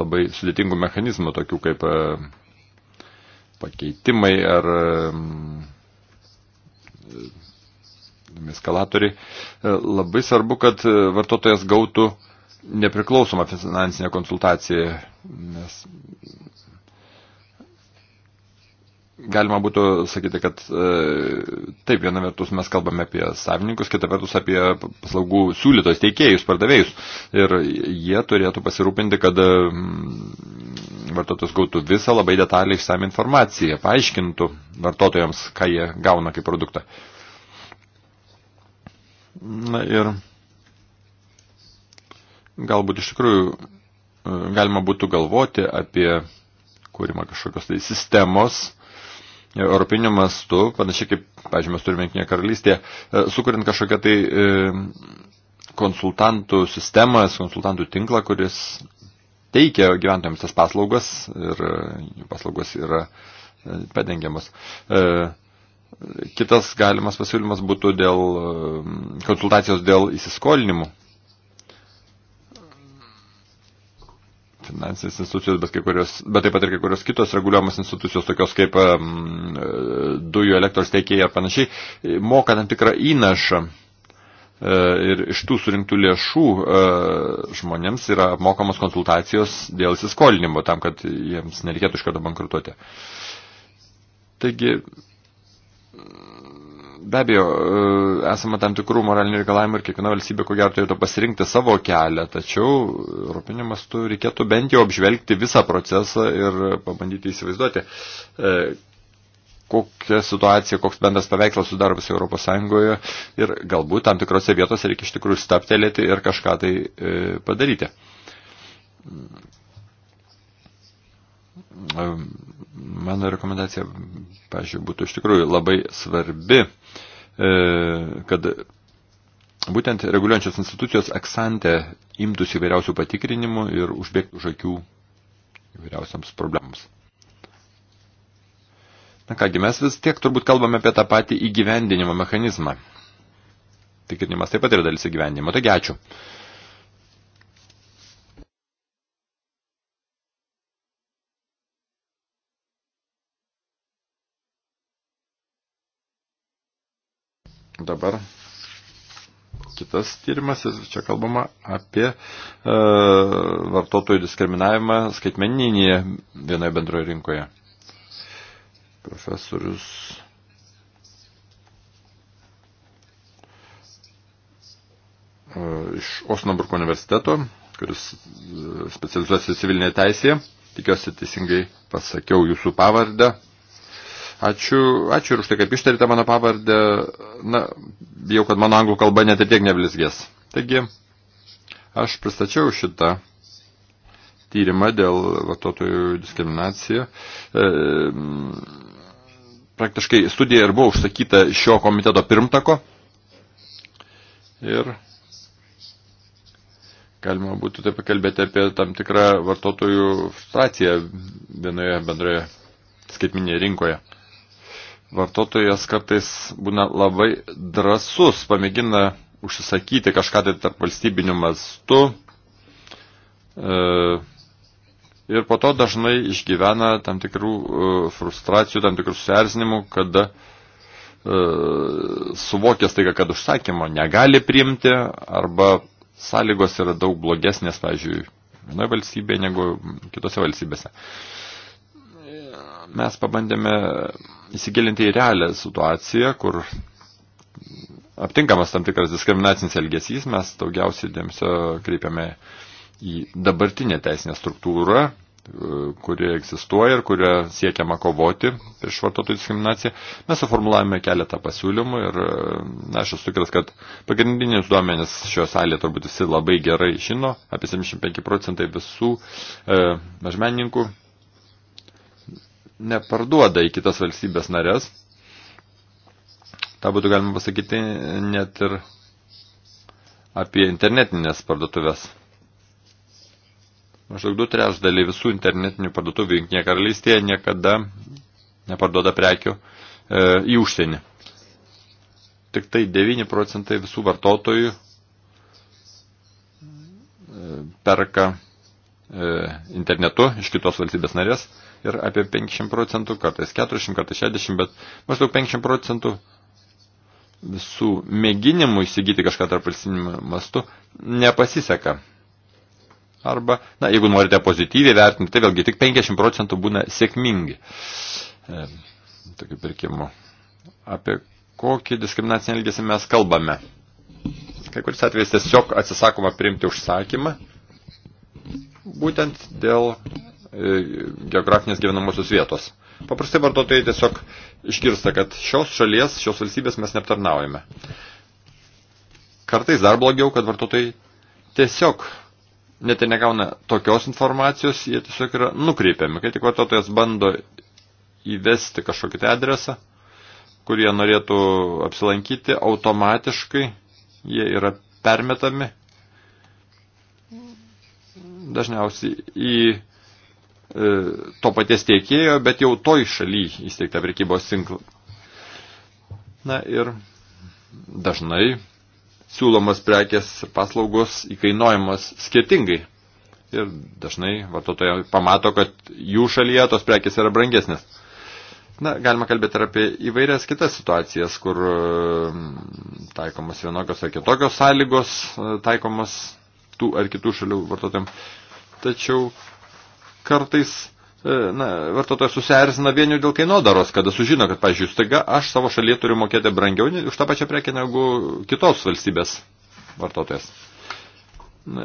labai sudėtingų mechanizmų, tokių kaip pakeitimai ar E, eskalatoriai, e, labai svarbu, kad e, vartotojas gautų nepriklausomą finansinę konsultaciją, nes galima būtų sakyti, kad taip, viena vertus mes kalbame apie savininkus, kita vertus apie paslaugų siūlytos teikėjus, pardavėjus. Ir jie turėtų pasirūpinti, kad mm, vartotojas gautų visą labai detaliai išsam informaciją, paaiškintų vartotojams, ką jie gauna kaip produktą. Na ir galbūt iš tikrųjų e, galima būtų galvoti apie kūrimą kažkokios tai sistemos, e, europiniu mastu, panašiai kaip, pažiūrėjau, mes turime Jungtinėje karalystėje, e, sukuriant kažkokią tai konsultantų sistemas, konsultantų tinklą, kuris teikia gyventojams tas paslaugas ir e, jų paslaugos yra e, padengiamas. E, kitas galimas pasiūlymas būtų dėl konsultacijos dėl įsiskolinimų. Finansinės institucijos, bet, kai kurios, bet taip pat ir kai kurios kitos reguliuojamos institucijos, tokios kaip dujų elektros teikėjai ar panašiai, moka tam tikrą įnašą E, ir iš tų surinktų lėšų e, žmonėms yra apmokamos konsultacijos dėl įsiskolinimo, tam, kad jiems nereikėtų iš karto bankrutuoti. Taigi, be abejo, e, esame tam tikrų moralinių reikalavimų ir kiekviena valstybė, ko gero, turėtų pasirinkti savo kelią, tačiau europiniu mastu reikėtų bent jau apžvelgti visą procesą ir pabandyti įsivaizduoti, kokia situacija, koks bendras paveikslas sudarbas Europos Sąjungoje ir galbūt tam tikrose vietose reikia iš tikrųjų staptelėti ir kažką tai e, padaryti. E, mano rekomendacija, pažiūrėjau, būtų iš tikrųjų labai svarbi, e, kad būtent reguliuojančios institucijos eksante imtųsi įvairiausių patikrinimų ir užbėgtų žakių įvairiausiams problemams. Na kągi, mes vis tiek turbūt kalbame apie tą patį įgyvendinimo mechanizmą. Tikrinimas taip pat yra dalis įgyvendinimo. Taigi ačiū. Dabar kitas tyrimas, čia kalbama apie e, vartotojų diskriminavimą skaitmeninėje vienoje bendroje rinkoje profesorius e, iš Osnaburgo universiteto, kuris e, specializuojasi civilinėje teisėje. Tikiuosi teisingai pasakiau jūsų pavardę. Ačiū, ačiū ir už tai, kaip ištarite mano pavardę. Na, bijau, kad mano anglų kalba net ir tiek neblizgės. Taigi, aš pristačiau šitą tyrimą dėl vartotojų diskriminaciją. E, praktiškai studija ir buvo užsakyta šio komiteto pirmtako. Ir galima būtų taip kalbėti apie tam tikrą vartotojų frustraciją vienoje bendroje skaitminėje rinkoje. Vartotojas kartais būna labai drasus, pamėgina užsisakyti kažką tai tarp valstybinių mastų, e, ir po to dažnai išgyvena tam tikrų e, frustracijų, tam tikrų serzinimų, kada e, suvokęs tai, kad užsakymo negali priimti arba sąlygos yra daug blogesnės, pavyzdžiui, vienoje valstybėje negu kitose valstybėse. Mes pabandėme įsigilinti į realią situaciją, kur aptinkamas tam tikras diskriminacinis elgesys, mes daugiausiai dėmesio kreipiame į dabartinę teisinę struktūrą, kurie egzistuoja ir kurie siekiama kovoti prieš vartotojų diskriminaciją. Mes suformulavome keletą pasiūlymų ir e, na, aš esu tikras, kad pagrindinius duomenis šioje salėje turbūt visi labai gerai žino, apie 75 procentai visų e, mažmenininkų neparduoda į kitas valstybės narės. Ta būtų galima pasakyti net ir apie internetinės parduotuvės. Maždaug du trečdaliai visų internetinių parduotuvių Junktinėje karalystėje niekada neparduoda prekių e, į užsienį. Tik tai 9 procentai visų vartotojų e, perka e, internetu iš kitos valstybės narės ir apie 50 procentų, kartais 40, kartais 60, bet maždaug 50 procentų visų mėginimų įsigyti kažką tarp valstybinių mastų nepasiseka. Arba, na, jeigu norite pozityviai vertinti, tai vėlgi tik 50 procentų būna sėkmingi e, tokių pirkimų. Apie kokį diskriminacinį elgesį mes kalbame? Kai kuris atvejais tiesiog atsisakoma priimti užsakymą, būtent dėl e, geografinės gyvenamosios vietos. Paprastai vartotojai tiesiog išgirsta, kad šios šalies, šios valstybės mes neaptarnaujame. Kartais dar blogiau, kad vartotojai tiesiog net ir negauna tokios informacijos, jie tiesiog yra nukreipiami, kai tik vartotojas bando įvesti kažkokį tai adresą, kurie norėtų apsilankyti, automatiškai jie yra permetami dažniausiai į e, to paties tiekėjo, bet jau toj šaly įsteigtą prekybos tinklą. Na ir dažnai siūlomos prekės ir paslaugos įkainuojamos skirtingai. Ir dažnai vartotojai pamato, kad jų šalyje tos prekės yra brangesnės. Na, galima kalbėti ir apie įvairias kitas situacijas, kur mm, taikomos vienokios ar kitokios sąlygos, e, taikomos tų ar kitų šalių vartotojams. Tačiau kartais E, na, vartotojas susierzina vienių dėl kainodaros, kada sužino, kad, pažiūrėjau, staiga aš savo šalyje turiu mokėti brangiau už tą pačią prekę negu kitos valstybės vartotojas. Na,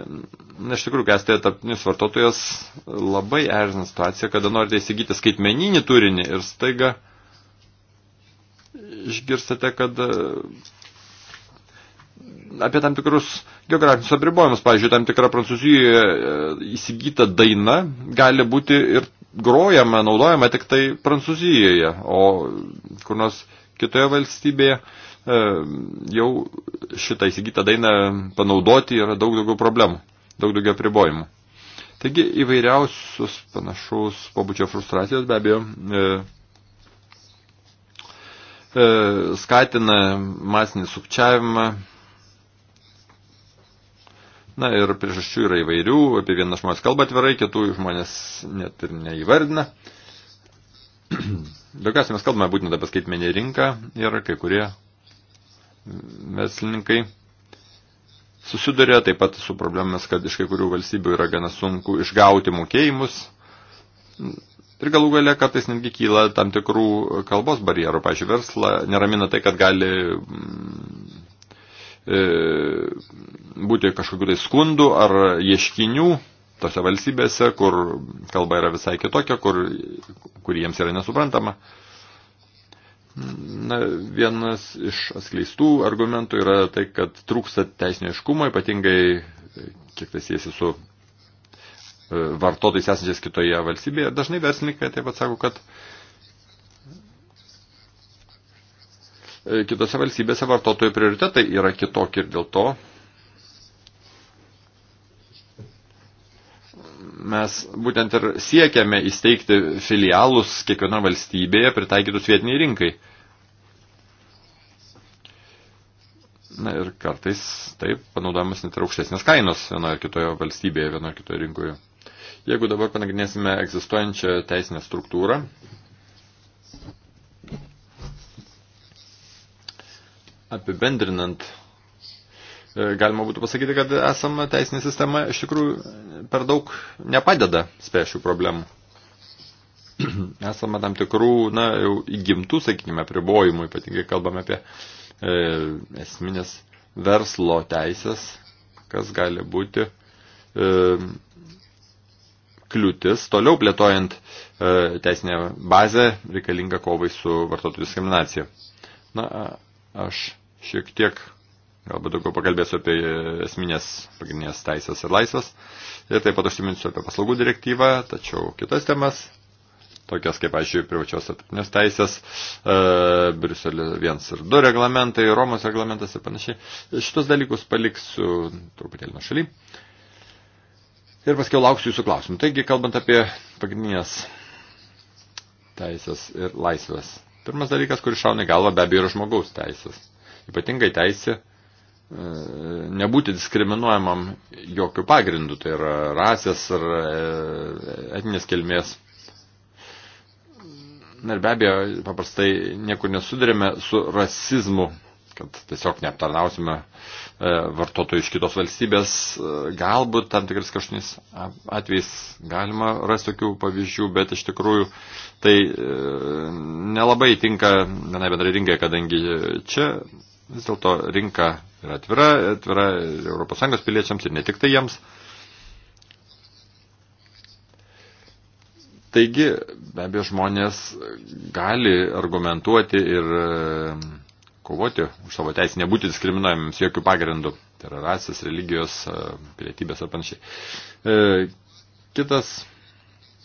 iš tikrųjų, kai esate tarptinis vartotojas, labai erzina situacija, kada norite įsigyti skaitmeninį turinį ir staiga išgirstate, kad e, apie tam tikrus geografinius apribojimus, pavyzdžiui, tam tikra Prancūzijoje e, įsigyta daina gali būti ir grojama, naudojama tik tai Prancūzijoje, o kur nors kitoje valstybėje e, jau šitą įsigytą dainą panaudoti yra daug daugiau problemų, daug daugiau pribojimų. Taigi įvairiausius panašus pobūdžio frustracijos be abejo e, e, skatina masinį sukčiavimą, Na ir priežasčių yra įvairių, apie vieną žmonės kalba atvirai, kitų žmonės net ir neįvardina. *clears throat* Daugiausiai mes kalbame būtent apie skaitmenį rinką ir kai kurie verslininkai susiduria taip pat su problemas, kad iš kai kurių valstybių yra gana sunku išgauti mokėjimus. Ir galų gale kartais netgi kyla tam tikrų kalbos barjerų. Pavyzdžiui, verslą neramina tai, kad gali E, būti kažkokiu tai skundu ar ieškinių tose valstybėse, kur kalba yra visai kitokia, kur, kur jiems yra nesuprantama. Na, vienas iš atskleistų argumentų yra tai, kad trūksta teisinio iškumo, ypatingai kiek tas jėsi su e, vartotojais esančiais kitoje valstybėje. Dažnai verslininkai taip pat sako, kad E, kitose valstybėse vartotojų prioritetai yra kitokie ir dėl to mes būtent ir siekiame įsteigti filialus kiekvienoje valstybėje pritaikytus vietiniai rinkai. Na ir kartais taip panaudojamas net ir aukštesnės kainos vienoje ar kitoje valstybėje, vienoje ar kitoje rinkoje. Jeigu dabar panagrinėsime egzistuojančią teisinę struktūrą, Apibendrinant, e, galima būtų pasakyti, kad esama teisinė sistema iš tikrųjų per daug nepadeda spešių problemų. *clears throat* esama tam tikrų, na, jau įgimtų, sakykime, pribojimų, ypatingai kalbame apie e, esminės verslo teisės, kas gali būti e, kliūtis toliau plėtojant e, teisinę bazę reikalingą kovai su vartotojų diskriminacija. Na, aš šiek tiek, galbūt daugiau pakalbėsiu apie esminės pagrindinės teisės ir laisvės. Ir taip pat užsiminsiu apie paslaugų direktyvą, tačiau kitas temas, tokias kaip, aišku, privačios atrapinės teisės, e, Briuselio 1 ir 2 reglamentai, Romos reglamentas ir panašiai. Šitos dalykus paliksiu truputėlį nuo šaly. Ir paskiau lauksiu jūsų klausimų. Taigi, kalbant apie pagrindinės teisės ir laisvės. Pirmas dalykas, kuris šauna į galvą, be abejo, yra žmogaus teisės ypatingai teisė e, nebūti diskriminuojamam jokių pagrindų, tai yra rasės ar e, etinės kilmės. Na ir be abejo, paprastai niekur nesudarėme su rasizmu, kad tiesiog neaptarnausime e, vartotojų iš kitos valstybės. Galbūt tam tikras kažkokiais atvejais galima rasti tokių pavyzdžių, bet iš tikrųjų tai nelabai tinka vienai bendrai rinkai, kadangi čia Vis dėlto rinka yra atvira, atvira ES piliečiams ir ne tik tai jiems. Taigi, be abejo, žmonės gali argumentuoti ir e, kovoti už savo teisę, nebūti diskriminuojamiems jokių pagrindų. Tai yra rasės, religijos, e, pilietybės ar panašiai. E, kitas,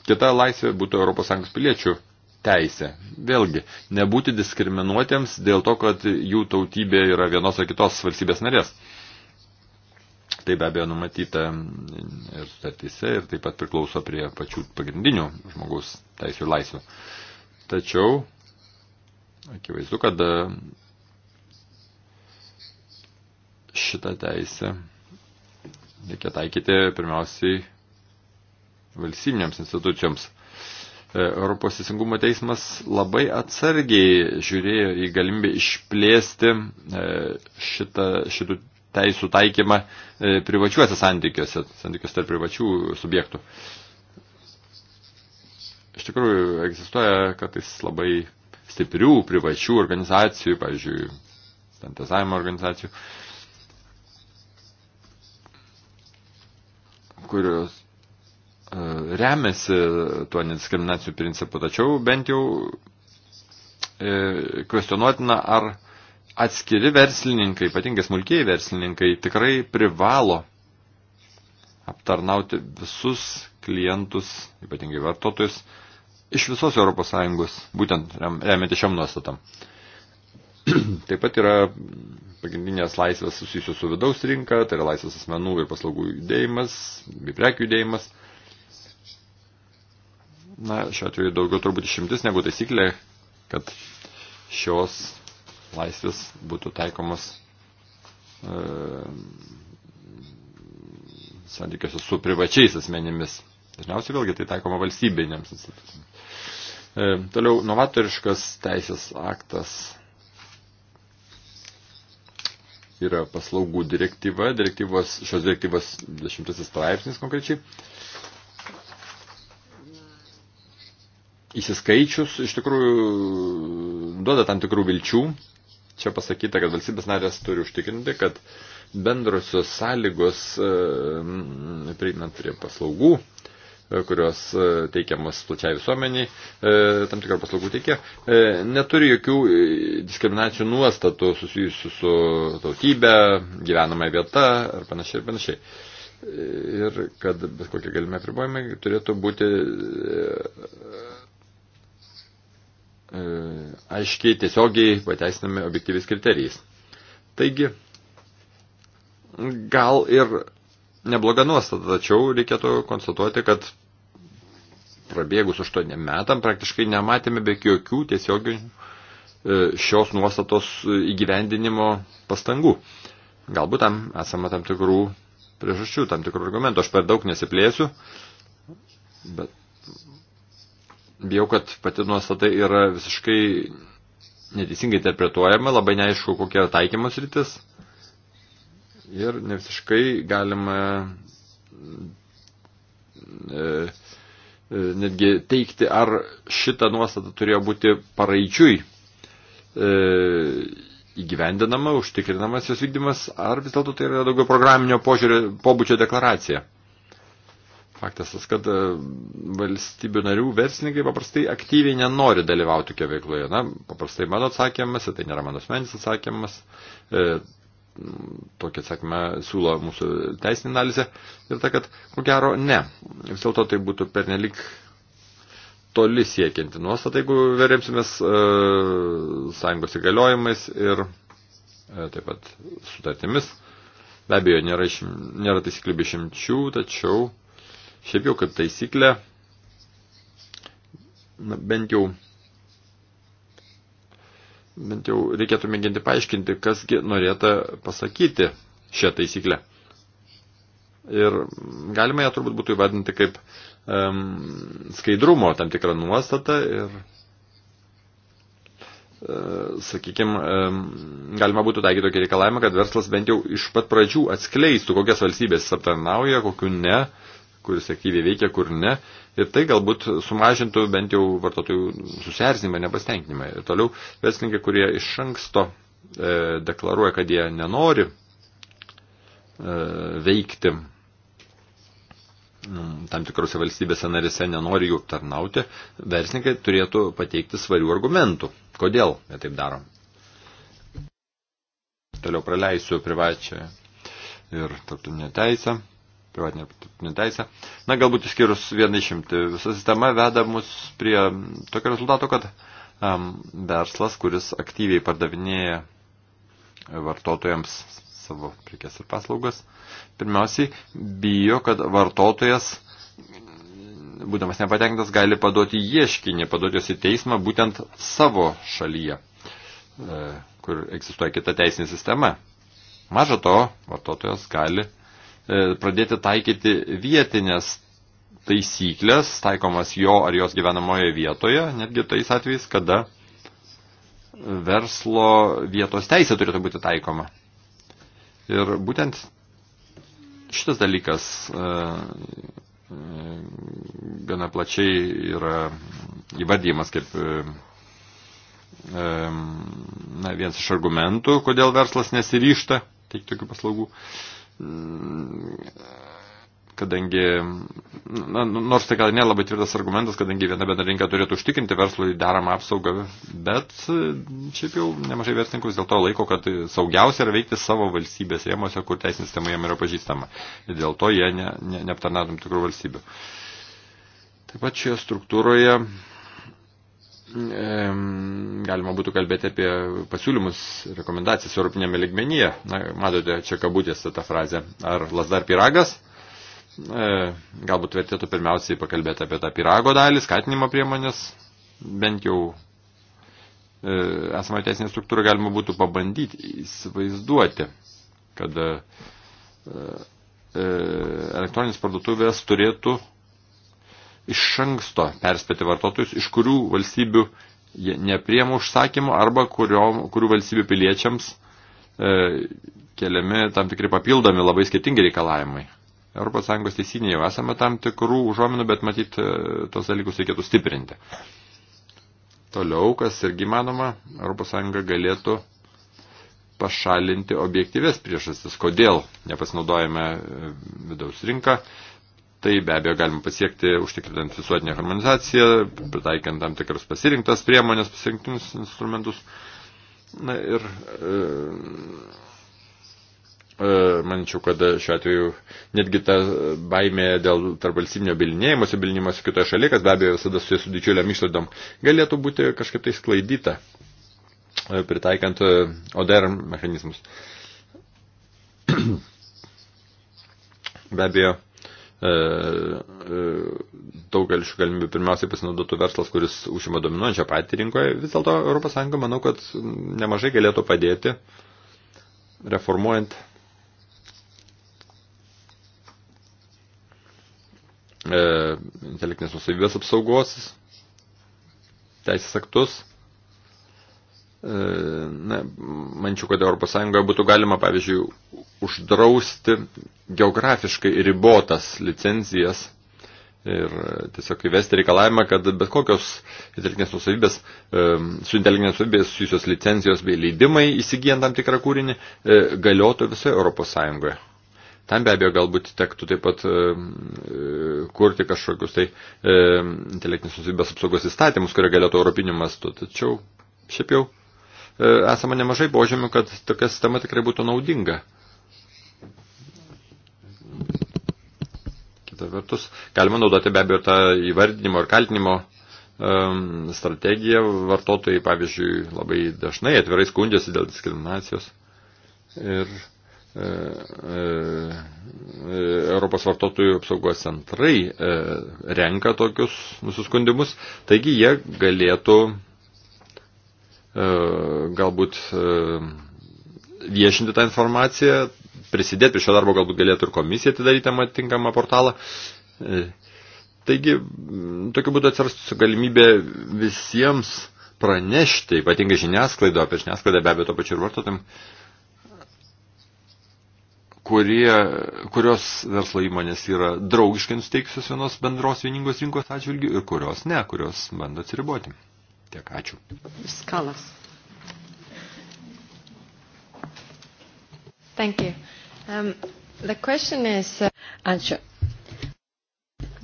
kita laisvė būtų ES piliečių teisę. Vėlgi, nebūti diskriminuotiems dėl to, kad jų tautybė yra vienos ar kitos valstybės narės. Tai be abejo numatyta ir sutartyse ir taip pat priklauso prie pačių pagrindinių žmogaus teisų ir laisvių. Tačiau, akivaizdu, kad e, šitą teisę reikia taikyti pirmiausiai valstybinėms institucijoms. E, Europos teisingumo teismas labai atsargiai žiūrėjo į galimybę išplėsti e, šitą, šitų teisų taikymą e, privačiuose santykiuose, santykiuose tarp privačių subjektų. Iš tikrųjų, egzistuoja kartais labai stiprių privačių organizacijų, pavyzdžiui, stantezavimo organizacijų, kurios E, remiasi tuo nediskriminacijų principu, tačiau bent jau e, kvestionuotina, ar atskiri verslininkai, ypatingai smulkiai verslininkai, tikrai privalo aptarnauti visus klientus, ypatingai vartotojus, iš visos ES, būtent remianti šiam nuostatam. *clears throat* Taip pat yra pagrindinės laisvės susijusios su vidaus rinka, tai yra laisvės asmenų ir paslaugų judėjimas, bei prekių judėjimas – Na, šiuo atveju daugiau turbūt išimtis negu taisyklė, kad šios laisvės būtų taikomas e, santykiuose su privačiais asmenimis. Dažniausiai vėlgi tai taikoma valstybinėms institucijoms. E, toliau, novatoriškas teisės aktas yra paslaugų direktyva, direktyvos, šios direktyvos dešimtasis straipsnis konkrečiai. E, įsiskaičius iš tikrųjų duoda tam tikrų vilčių. Čia pasakyta, kad valstybės narės turi užtikrinti, kad bendrosios sąlygos e, prieinant prie paslaugų, e, kurios e, teikiamas plačiai visuomeniai, tam tikrą paslaugų teikia, neturi jokių diskriminacijų nuostatų susijusių su tautybė, gyvenamąją vietą ar panašiai ir panašiai ir kad bet kokie galime apribojimai turėtų būti E, aiškiai, tiesiogiai pateisinami objektyviais kriterijais. Taigi, gal ir nebloga nuostata, tačiau reikėtų konstatuoti, kad prabėgus aštuoniam metam praktiškai nematėme be jokių tiesioginių e, šios nuostatos įgyvendinimo pastangų. Galbūt tam esama tam tikrų priežasčių, tam tikrų argumentų. Aš per daug nesiplėsiu, bet bijau, kad pati nuostata yra visiškai neteisingai interpretuojama, labai neaišku, kokia yra taikymos rytis. Ir ne visiškai galima e, e, netgi teikti, ar šita nuostata turėjo būti paraičiui e, įgyvendinama, užtikrinamas jos vykdymas, ar vis dėlto tai yra daugiau programinio požiūrė, pobūdžio deklaracija faktas tas, kad e, valstybių narių verslininkai paprastai aktyviai nenori dalyvauti tokioje veikloje. Na, paprastai mano atsakymas, tai nėra mano asmenis atsakymas, e, tokį atsakymą siūlo mūsų teisinė analizė, ir ta, kad, ko gero, ne. Vis dėlto tai būtų pernelik toli siekianti nuostata, jeigu verėmsimės e, sąjungos įgaliojimais ir e, taip pat sutartimis. Be abejo, nėra, nėra taisyklių be šimčių, tačiau Šiaip jau kaip taisyklė, na, bent jau bent jau reikėtų mėginti paaiškinti, kasgi norėta pasakyti šią taisyklę. Ir galima ją turbūt būtų įvadinti kaip um, skaidrumo tam tikrą nuostatą ir e, sakykime, galima būtų taikyti tokį reikalavimą, kad verslas bent jau iš pat pradžių atskleistų, kokias valstybės aptarnauja, kokiu ne, kuris aktyviai veikia, kur ne. Ir tai galbūt sumažintų bent jau vartotojų susierzinimą, nepastenkinimą. Ir toliau verslininkai, kurie iš anksto e, deklaruoja, kad jie nenori e, veikti nu, tam tikrose valstybėse narise nenori jų aptarnauti, verslininkai turėtų pateikti svarių argumentų. Kodėl jie taip daro? Toliau praleisiu privačią ir tarptautinę teisę privatinė ir tarptautinė teisė. Na, galbūt išskyrus vieną išimtį. Visa sistema veda mus prie tokio rezultato, kad um, verslas, kuris aktyviai pardavinėja vartotojams savo prekes ir paslaugas, pirmiausiai bijo, kad vartotojas, būdamas nepatenkintas, gali paduoti ieškinį, paduoti jos į teismą būtent savo šalyje, e, kur egzistuoja kita teisinė sistema. Maža to, vartotojas gali E, pradėti taikyti vietinės taisyklės, taikomas jo ar jos gyvenamoje vietoje, netgi tais atvejais, kada verslo vietos teisė turėtų būti taikoma. Ir būtent šitas dalykas e, e, gana plačiai yra įvardymas kaip na, vienas iš argumentų, kodėl verslas nesiryšta teikti tokių paslaugų. E, Mm, kadangi, na, nu, nors tai gal nelabai tvirtas argumentas, kadangi viena bendra rinka turėtų užtikrinti verslui deramą apsaugą, bet mm, šiaip jau nemažai verslininkų vis dėlto laiko, kad saugiausia yra veikti savo valstybės rėmose, kur teisinė sistema jam yra pažįstama. Ir dėl to jie ne, ne, neaptarnatum tikrų valstybių. Taip pat šioje struktūroje mm, galima būtų kalbėti apie pasiūlymus, rekomendacijas Europinėme ligmenyje. Na, matote, čia kabutėse ta frazė. Ar lasdar piragas? E, galbūt vertėtų pirmiausiai pakalbėti apie tą pirago dalį, skatinimo priemonės. Bent jau e, esamą teisinę struktūrą galima būtų pabandyti įsivaizduoti, kad e, e elektroninės parduotuvės turėtų iš anksto perspėti vartotojus, iš kurių valstybių nepriema užsakymų arba kurio, kurių valstybių piliečiams e, keliami tam tikrai papildomi labai skirtingi reikalavimai. ES teisinėje jau esame tam tikrų užuominų, bet matyt, e, tos dalykus reikėtų stiprinti. Toliau, kas irgi manoma, ES galėtų pašalinti objektyvės priežastis, kodėl nepasinaudojame e, vidaus rinką, Tai be abejo galima pasiekti užtikrinant visuotinę harmonizaciją, pritaikiant tam tikras pasirinktas priemonės, pasirinktinus instrumentus. Na ir e, e, manyčiau, kad šiuo atveju netgi ta baimė dėl tarpvalstybinio bilinėjimosi, bilinimosi kitoje šalyje, kas be abejo visada susijęs su didžiuliam išlaidom, galėtų būti kažkaip tai sklaidyta, e, pritaikant e, ODR mechanizmus. *clears throat* be abejo, E, e, daugelis šių galimybių pirmiausiai pasinaudotų verslas, kuris užima dominuojančią patį rinkoje. Vis dėlto ES, manau, kad nemažai galėtų padėti reformuojant e, intelektinės nusavybės apsaugos teisės aktus E, na, mančiau, kad ES būtų galima, pavyzdžiui, uždrausti geografiškai ribotas licencijas ir tiesiog įvesti reikalavimą, kad bet kokios intelektinės nusavybės, e, su intelektinės nusavybės susijusios licencijos bei leidimai įsigijant tam tikrą kūrinį e, galiotų visoje Europos Sąjungoje. Tam be abejo galbūt tektų taip pat kurti kažkokius tai intelektinės nusavybės apsaugos įstatymus, kurie galėtų europiniu mastu. Tačiau šiaip jau E, esama nemažai požymių, kad tokia sistema tikrai būtų naudinga. Kita vertus, galima naudoti be abejo tą įvardinimo ir kaltinimo strategiją. Vartotojai, pavyzdžiui, labai dažnai atvirai skundžiasi dėl diskriminacijos. Ir e, e, e, Europos vartotojų apsaugos centrai e, renka tokius nusiskundimus, taigi jie galėtų E, galbūt e, viešinti tą informaciją, prisidėti prie šio darbo galbūt galėtų ir komisija atidaryti atitinkamą portalą. E, taigi, tokiu būdu atsirastų galimybė visiems pranešti, ypatingai žiniasklaido, apie žiniasklaidą be abejo to pačiu ir vartotojim, kurie, kurios verslo įmonės yra draugiškai nusteikusios vienos bendros vieningos rinkos atžvilgių ir kurios ne, kurios bando atsiriboti. Tiek ačiū. Skalas. Thank you. Um, the question is... Uh... Ačiū.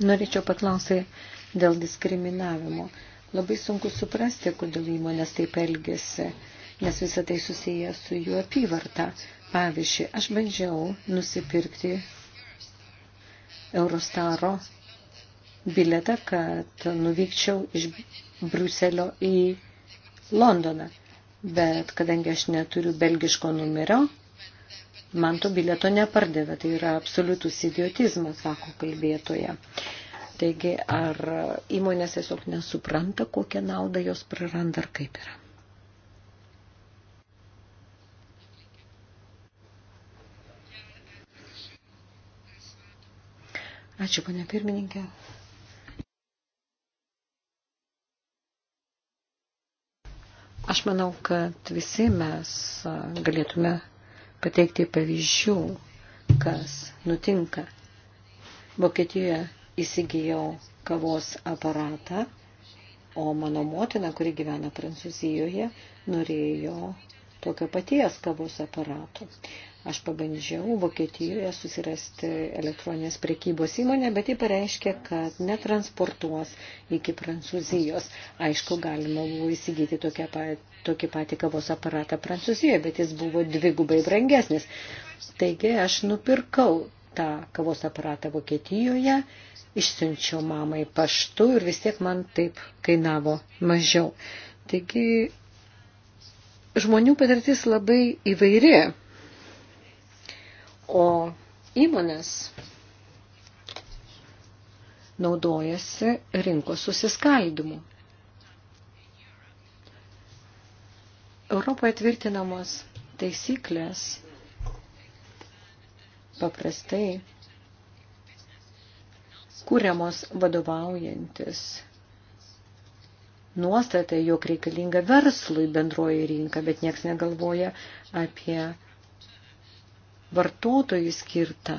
Norėčiau paklausyti dėl diskriminavimo. Labai sunku suprasti, kodėl įmonės taip elgėsi, nes visą tai susiję su jų apyvarta. Pavyzdžiui, aš bandžiau nusipirkti Eurostaro biletą, kad nuvykčiau iš Bruselio į Londoną. Bet kadangi aš neturiu belgiško numerio, man to bileto nepardavė. Tai yra absoliutus idiotizmas, sako kalbėtoja. Taigi, ar įmonės tiesiog nesupranta, kokią naudą jos praranda ar kaip yra. Ačiū, ponia pirmininkė. Aš manau, kad visi mes galėtume pateikti pavyzdžių, kas nutinka. Vokietijoje įsigijau kavos aparatą, o mano motina, kuri gyvena Prancūzijoje, norėjo tokio paties kavos aparato. Aš pabandžiau Vokietijoje susirasti elektroninės prekybos įmonę, bet ji pareiškė, kad netransportuos iki Prancūzijos. Aišku, galima buvo įsigyti tokią pat, tokį patį kavos aparatą Prancūzijoje, bet jis buvo dvigubai brangesnis. Taigi aš nupirkau tą kavos aparatą Vokietijoje išsiunčiau mamai paštu ir vis tiek man taip kainavo mažiau. Taigi žmonių patirtis labai įvairi O įmonės naudojasi rinkos susiskaldimu. Europoje tvirtinamos taisyklės paprastai kūriamos vadovaujantis nuostatai, jog reikalinga verslui bendroji rinka, bet nieks negalvoja apie vartotojų skirtą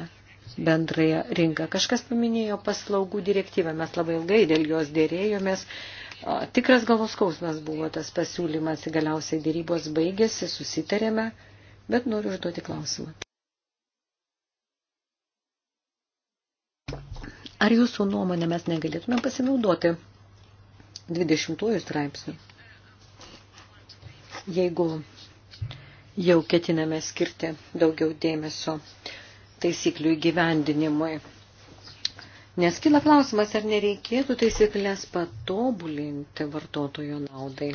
bendrąją rinką. Kažkas paminėjo paslaugų direktyvą, mes labai ilgai dėl jos dėrėjomės. Tikras galvos skausmas buvo tas pasiūlymas, galiausiai dėrybos baigėsi, susitarėme, bet noriu užduoti klausimą. Ar jūsų nuomonė mes negalėtume pasinaudoti 20 straipsnių? Jeigu jau ketiname skirti daugiau dėmesio taisyklių įgyvendinimui. Nes kila klausimas, ar nereikėtų taisyklės patobulinti vartotojo naudai.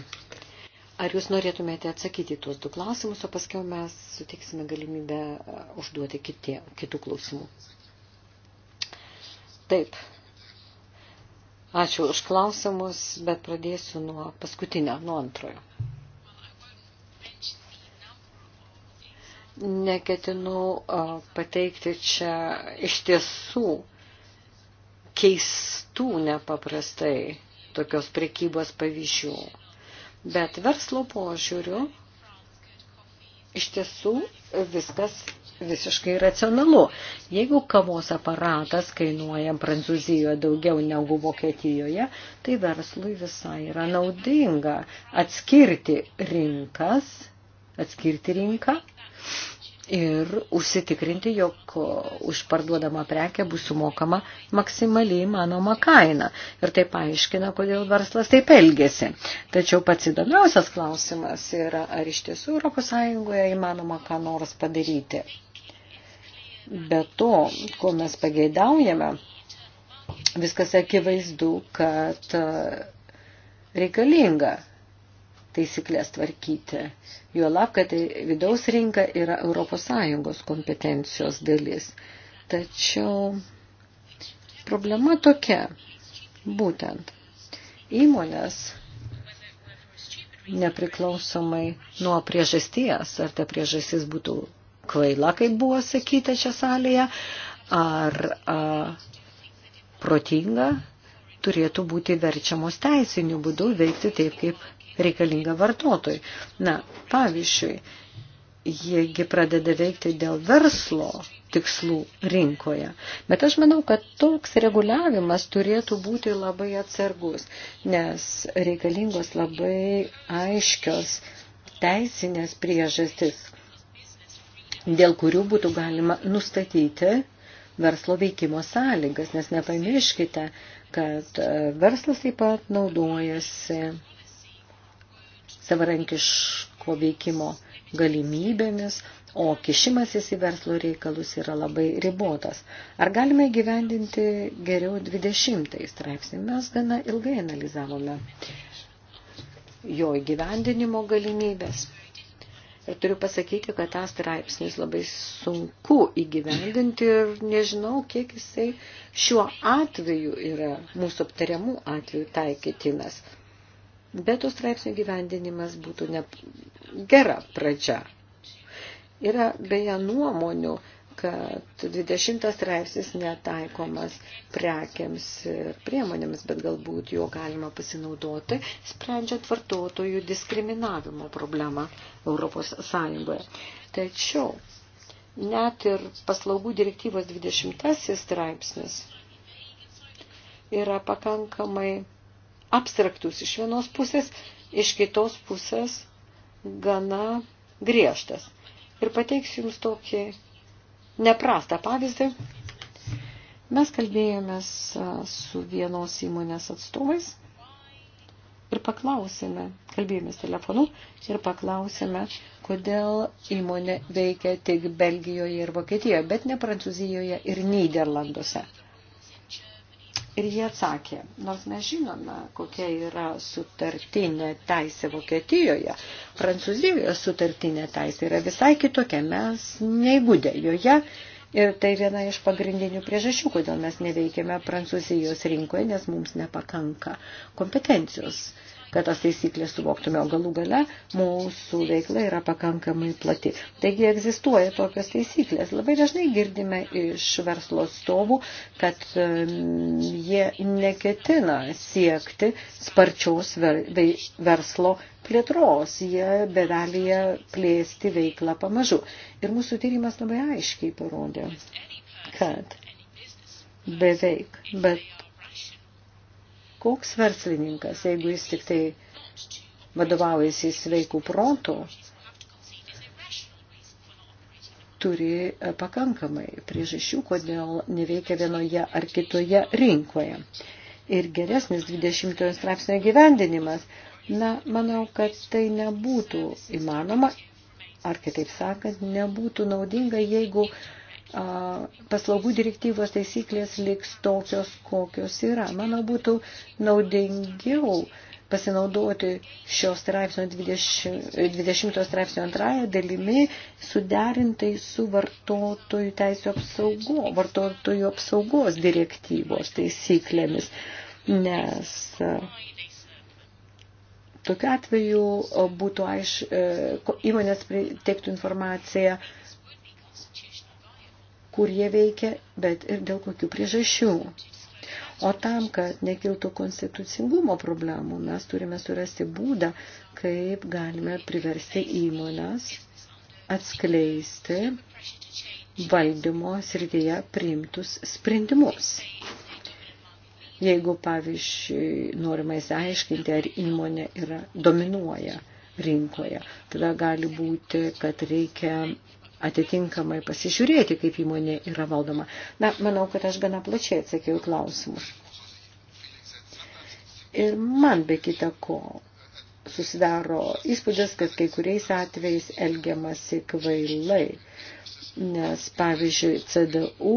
Ar jūs norėtumėte atsakyti tuos du klausimus, o paskui mes sutiksime galimybę e, užduoti kitie, kitų klausimų. Taip. Ačiū už klausimus, bet pradėsiu nuo paskutinio, nuo antrojo. neketinu pateikti čia iš tiesų keistų nepaprastai tokios prekybos pavyzdžių. Bet verslo požiūriu iš tiesų viskas visiškai racionalu. Jeigu kavos aparatas kainuoja Prancūzijoje daugiau negu Vokietijoje, tai verslui visai yra naudinga atskirti rinkas, atskirti rinką ir užsitikrinti, jog už parduodamą prekę bus sumokama maksimaliai manoma kaina. Ir tai paaiškina, kodėl verslas taip elgėsi. Tačiau pats įdomiausias klausimas yra, ar iš tiesų ES įmanoma ką nors padaryti. Be to, ko mes pageidaujame, viskas akivaizdu, kad e, reikalinga taisyklės tvarkyti. Juolab, kad vidaus rinka yra ES kompetencijos dalis. Tačiau problema tokia, būtent įmonės nepriklausomai nuo priežasties, ar ta priežastis būtų kvaila, kaip buvo sakyta čia salėje, ar a, protinga, turėtų būti verčiamos teisiniu būdu veikti taip, kaip reikalinga vartotojui. Na, pavyzdžiui, jiegi pradeda veikti dėl verslo tikslų rinkoje. Bet aš manau, kad toks reguliavimas turėtų būti labai atsargus, nes reikalingos labai aiškios teisinės priežastis, dėl kurių būtų galima nustatyti verslo veikimo sąlygas, nes nepamirškite, kad verslas taip pat naudojasi savarankiško veikimo galimybėmis, o kišimasis į verslo reikalus yra labai ribotas. Ar galime gyvendinti geriau 20 straipsnį? Mes gana ilgai analizavome jo įgyvendinimo galimybės. Ir turiu pasakyti, kad tą straipsnis labai sunku įgyvendinti ir nežinau, kiek jisai šiuo atveju yra mūsų aptariamų atveju taikytinas bet to straipsnių gyvendinimas būtų ne gera pradžia. Yra beje nuomonių, kad 20 straipsnis netaikomas prekiams ir priemonėms, bet galbūt jo galima pasinaudoti, sprendžiant vartotojų diskriminavimo problemą Europos Sąjungoje. Tačiau net ir paslaugų direktyvos 20 straipsnis yra pakankamai abstraktus iš vienos pusės, iš kitos pusės gana griežtas. Ir pateiksiu Jums tokį neprastą pavyzdį. Mes kalbėjomės su vienos įmonės atstovais ir paklausėme, kalbėjomės telefonu ir paklausėme, kodėl įmonė veikia tik Belgijoje ir Vokietijoje, bet ne Prancūzijoje ir Niderlanduose. Ir jie atsakė, nors mes žinome, kokia yra sutartinė teisė Vokietijoje, Prancūzijoje sutartinė teisė yra visai kitokia, mes neįgūdė joje. Ir tai viena iš pagrindinių priežasčių, kodėl mes neveikėme Prancūzijos rinkoje, nes mums nepakanka kompetencijos kad tas taisyklės suvoktume, o galų gale mūsų veikla yra pakankamai plati. Taigi egzistuoja tokios taisyklės. Labai dažnai girdime iš verslo stovų, kad jie neketina siekti sparčios verslo plėtros, jie bevelyje plėsti veiklą pamažu. Ir mūsų tyrimas labai aiškiai parodė, kad beveik, bet koks verslininkas, jeigu jis tik tai vadovaujasi sveikų protų, turi e, pakankamai priežasčių, kodėl neveikia vienoje ar kitoje rinkoje. Ir geresnis 20 straipsnio gyvendinimas, na, manau, kad tai nebūtų įmanoma, ar kitaip sakant, nebūtų naudinga, jeigu uh, paslaugų direktyvos taisyklės liks tokios, kokios yra. Manau, būtų naudingiau pasinaudoti šio straipsnio 20, 20 straipsnio antrąją dalimi suderintai su vartotojų teisų apsaugo, vartotojų apsaugos direktyvos taisyklėmis, nes tokiu atveju būtų aiš, e, įmonės teiktų informaciją kur jie veikia, bet ir dėl kokių priežasčių. O tam, kad nekiltų konstitucingumo problemų, mes turime surasti būdą, kaip galime priversti įmonas atskleisti valdymo srityje priimtus sprendimus. Jeigu, pavyzdžiui, norima įsiaiškinti, ar įmonė yra dominuoja rinkoje, tada gali būti, kad reikia atitinkamai pasižiūrėti, kaip įmonė yra valdoma. Na, manau, kad aš gana plačiai atsakiau klausimus. Ir man be kita ko susidaro įspūdis, kad kai kuriais atvejais elgiamasi kvailai. Nes, pavyzdžiui, CDU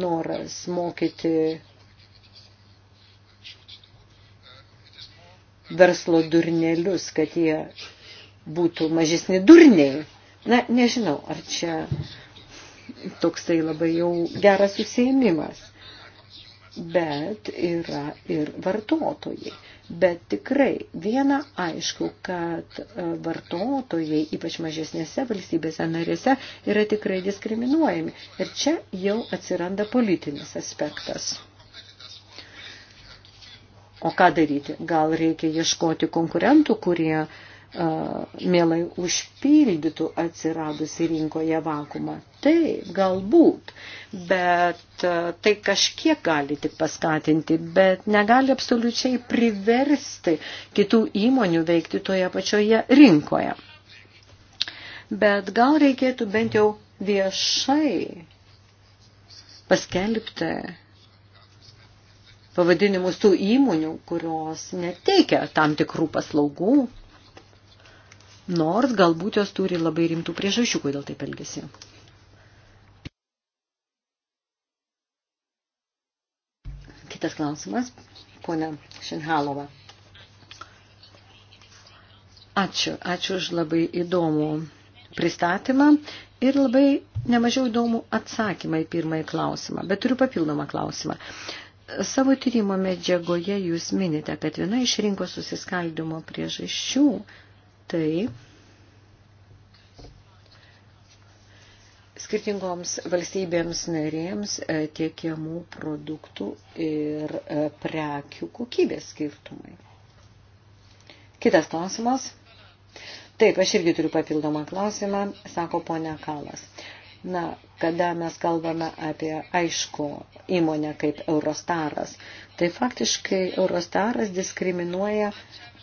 noras mokyti verslo durnelius, kad jie būtų mažesni durniai Na, nežinau, ar čia toksai labai jau geras susėmimas, bet yra ir vartotojai. Bet tikrai viena aišku, kad e, vartotojai, ypač mažesnėse valstybėse narėse, yra tikrai diskriminuojami. Ir čia jau atsiranda politinis aspektas. O ką daryti? Gal reikia ieškoti konkurentų, kurie mielai užpildytų atsiradusi rinkoje vakumą. Taip, galbūt, bet tai kažkiek gali tik paskatinti, bet negali absoliučiai priversti kitų įmonių veikti toje pačioje rinkoje. Bet gal reikėtų bent jau viešai paskelbti pavadinimus tų įmonių, kurios neteikia tam tikrų paslaugų nors galbūt jos turi labai rimtų priežasčių, kodėl taip elgesi. Kitas klausimas, ponia Šinhalova. Ačiū, ačiū už labai įdomų pristatymą ir labai nemažiau įdomų atsakymą į pirmąjį klausimą, bet turiu papildomą klausimą. Savo tyrimo medžiagoje jūs minite, kad viena iš rinkos susiskaldimo priežasčių tai skirtingoms valstybėms narėms e, tiekiamų produktų ir e, prekių kokybės skirtumai. Kitas klausimas. Taip, aš irgi turiu papildomą klausimą, sako ponia Kalas. Na, kada mes kalbame apie aišku įmonę kaip Eurostaras, tai faktiškai Eurostaras diskriminuoja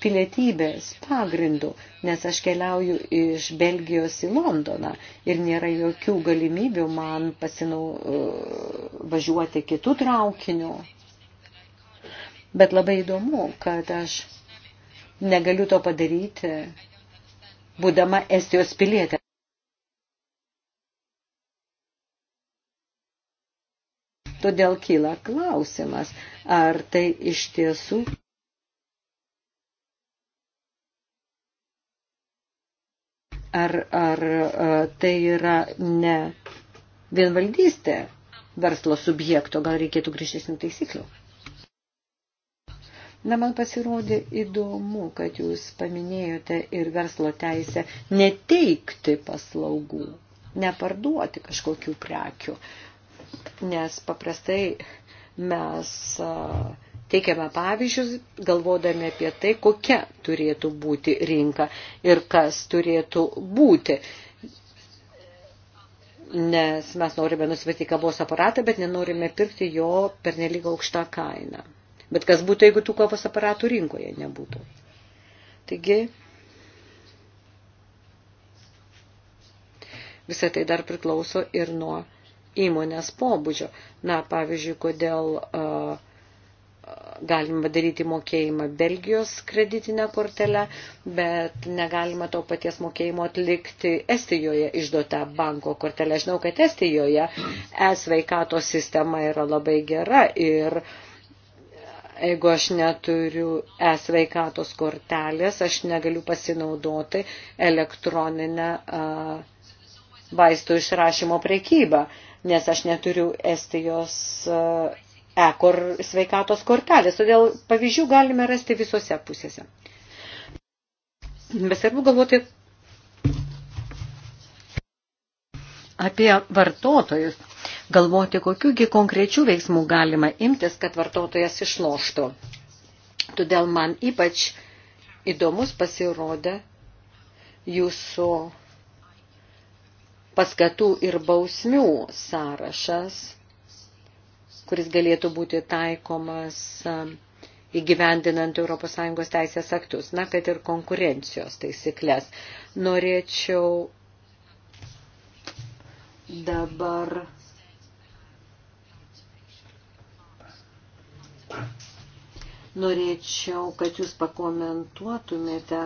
pilietybės pagrindų, nes aš keliauju iš Belgijos į Londoną ir nėra jokių galimybių man pasinau uh, važiuoti kitų traukinių. Bet labai įdomu, kad aš negaliu to padaryti, būdama Estijos pilietė. Todėl kyla klausimas, ar tai iš tiesų Ar, ar e, tai yra ne vienvaldystė verslo subjekto, gal reikėtų grįžtesnių taisyklių? Na, man pasirodė įdomu, kad jūs paminėjote ir verslo teisę neteikti paslaugų, neparduoti kažkokių prekių, nes paprastai mes uh, Teikiame pavyzdžius, galvodami apie tai, kokia turėtų būti rinka ir kas turėtų būti. Nes mes norime nusipirkti kavos aparatą, bet nenorime pirkti jo per nelyg aukštą kainą. Bet kas būtų, jeigu tų kavos aparatų rinkoje nebūtų? Taigi, visą tai dar priklauso ir nuo įmonės pobūdžio. Na, pavyzdžiui, kodėl uh, galima daryti mokėjimą Belgijos kreditinę kortelę, bet negalima to paties mokėjimo atlikti Estijoje išduota banko kortelė. Žinau, kad Estijoje e-sveikato sistema yra labai gera ir jeigu aš neturiu e-sveikatos kortelės, aš negaliu pasinaudoti elektroninę vaistų išrašymo prekybą, nes aš neturiu Estijos e-kor sveikatos kortelės. Todėl pavyzdžių galime rasti visose pusėse. Bet svarbu galvoti apie vartotojus, galvoti, kokiugi konkrečių veiksmų galima imtis, kad vartotojas išloštų. Todėl man ypač įdomus pasirodė jūsų paskatų ir bausmių sąrašas kuris galėtų būti taikomas um, įgyvendinant ES teisės aktus, na, kad ir konkurencijos taisyklės. Norėčiau dabar norėčiau, kad jūs pakomentuotumėte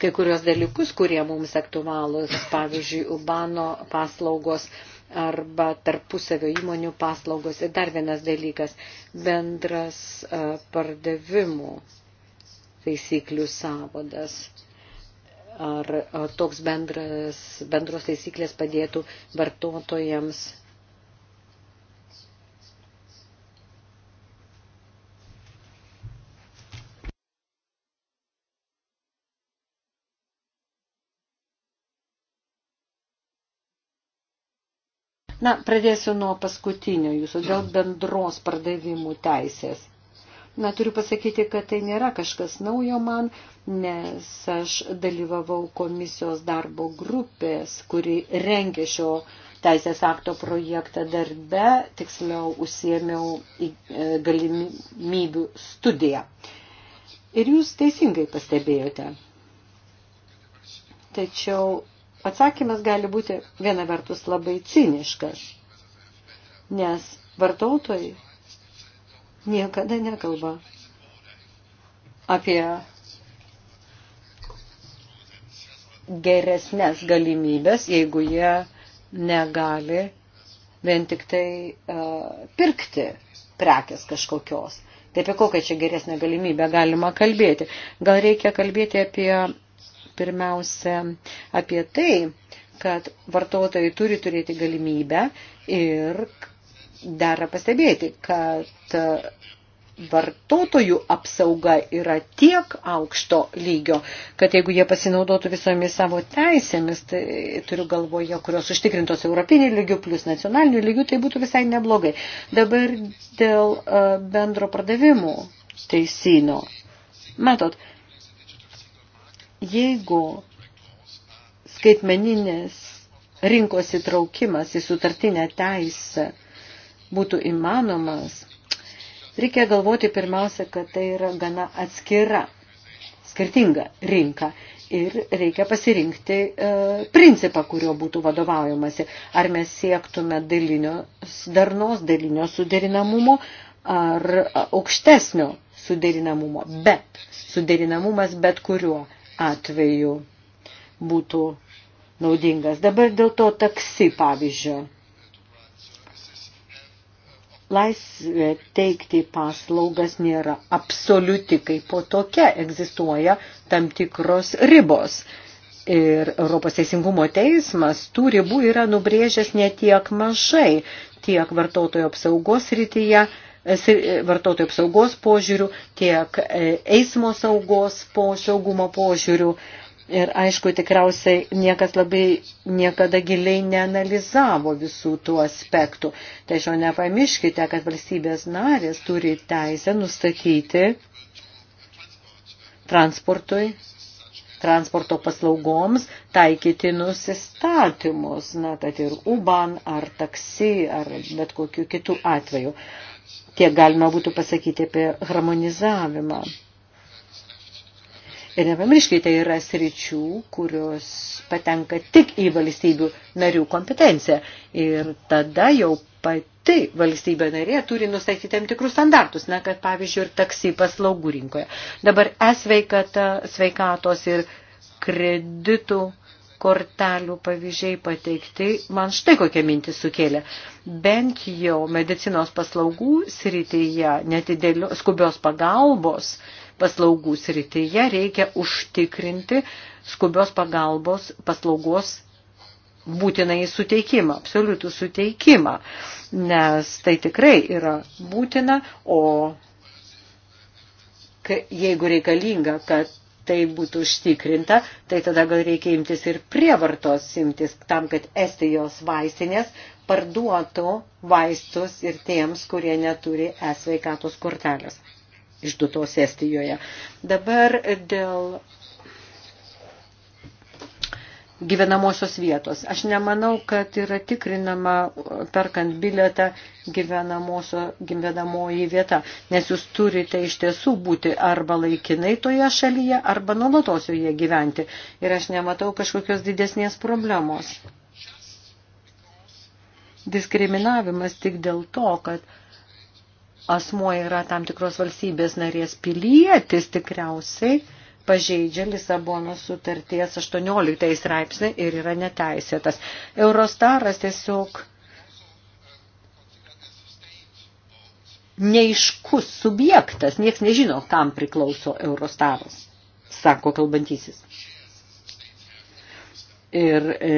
kai kurios dalykus, kurie mums aktualūs, pavyzdžiui, Ubano paslaugos arba tarpusavio įmonių paslaugos. Ir dar vienas dalykas - bendras e, pardavimų taisyklių savodas. Ar e, toks bendras, bendros taisyklės padėtų vartotojams Na, pradėsiu nuo paskutinio jūsų, dėl bendros pardavimų teisės. Na, turiu pasakyti, kad tai nėra kažkas naujo man, nes aš dalyvavau komisijos darbo grupės, kuri rengė šio teisės akto projektą darbe, tiksliau užsiemiau e, galimybių studiją. Ir jūs teisingai pastebėjote. Tačiau Atsakymas gali būti viena vertus labai ciniškas, nes vartotojai niekada nekalba apie geresnės galimybės, jeigu jie negali vien tik tai uh, pirkti prekės kažkokios. Tai apie kokią čia geresnę galimybę galima kalbėti? Gal reikia kalbėti apie pirmiausia apie tai, kad vartotojai turi turėti galimybę ir dera pastebėti, kad vartotojų apsauga yra tiek aukšto lygio, kad jeigu jie pasinaudotų visomis savo teisėmis, tai turiu galvoje, kurios užtikrintos europinių lygių plus nacionalinių lygių, tai būtų visai neblogai. Dabar dėl e, bendro pardavimų teisino. Matot, jeigu skaitmeninės rinkos įtraukimas į sutartinę teisę būtų įmanomas, reikia galvoti pirmiausia, kad tai yra gana atskira, skirtinga rinka. Ir reikia pasirinkti e, principą, kurio būtų vadovaujamasi. Ar mes siektume dalinio darnos, dalinio suderinamumo, ar aukštesnio suderinamumo. Bet suderinamumas bet kuriuo atveju būtų naudingas. Dabar dėl to taksi pavyzdžio. Laisvė teikti paslaugas nėra absoliuti, kaip po tokia egzistuoja tam tikros ribos. Ir Europos Teisingumo teismas tų ribų yra nubrėžęs ne tiek mažai, tiek vartotojo apsaugos rytyje, vartotojų apsaugos požiūrių, tiek e, eismo saugos po saugumo požiūrių. Ir aišku, tikriausiai niekas labai niekada giliai neanalizavo visų tų aspektų. Tačiau nepamirškite, kad valstybės narės turi teisę nustatyti transportui transporto paslaugoms taikytinus įstatymus, na, kad ir UBAN ar taksi ar bet kokiu kitų atveju. Tiek galima būtų pasakyti apie harmonizavimą. Ir nepamirškite, tai yra sričių, kurios patenka tik į valstybių narių kompetenciją. Ir tada jau pati valstybė narė turi nustatyti tam tikrus standartus, na, kad pavyzdžiui ir taksi paslaugų rinkoje. Dabar esveikata, sveikatos ir kreditų kortelių pavyzdžiai pateikti, man štai kokią mintį sukėlė. Bent jau medicinos paslaugų srityje, netidėlio skubios pagalbos paslaugų srityje reikia užtikrinti skubios pagalbos paslaugos būtinai suteikimą, absoliutų suteikimą, nes tai tikrai yra būtina, o jeigu reikalinga, kad tai būtų užtikrinta, tai tada gal reikia imtis ir prievartos imtis tam, kad Estijos vaistinės parduotų vaistus ir tiems, kurie neturi esveikatos kortelės išduotos Estijoje. Dabar dėl gyvenamosios vietos. Aš nemanau, kad yra tikrinama perkant biletą gyvenamoji vieta, nes jūs turite iš tiesų būti arba laikinai toje šalyje, arba nuolatos joje gyventi. Ir aš nematau kažkokios didesnės problemos. Diskriminavimas tik dėl to, kad asmuo yra tam tikros valstybės narės pilietis tikriausiai pažeidžia Lisabonos sutarties 18 straipsnį ir yra neteisėtas. Eurostaras tiesiog neiškus subjektas, nieks nežino, kam priklauso Eurostaras, sako kalbantysis. Ir e,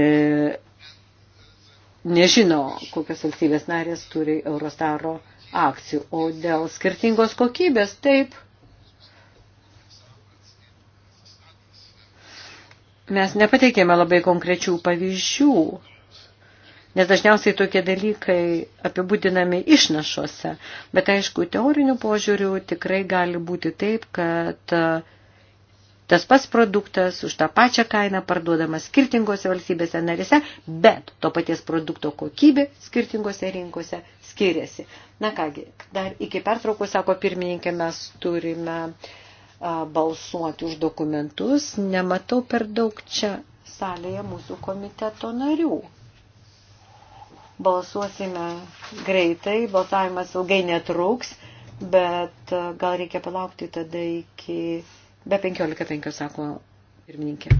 nežino, kokios valstybės narės turi Eurostaro akcijų, o dėl skirtingos kokybės taip mes nepateikėme labai konkrečių pavyzdžių, nes dažniausiai tokie dalykai apibūdinami išnašuose. Bet aišku, teorinių požiūrių tikrai gali būti taip, kad e, tas pats produktas už tą pačią kainą parduodamas skirtingose valstybėse narėse, bet to paties produkto kokybė skirtingose rinkose skiriasi. Na kągi, dar iki pertraukos, sako pirmininkė, mes turime uh, balsuoti už dokumentus. Nematau per daug čia salėje mūsų komiteto narių. Balsuosime greitai, balsavimas ilgai netruks, bet gal reikia palaukti tada iki be 15.5, sako pirmininkė.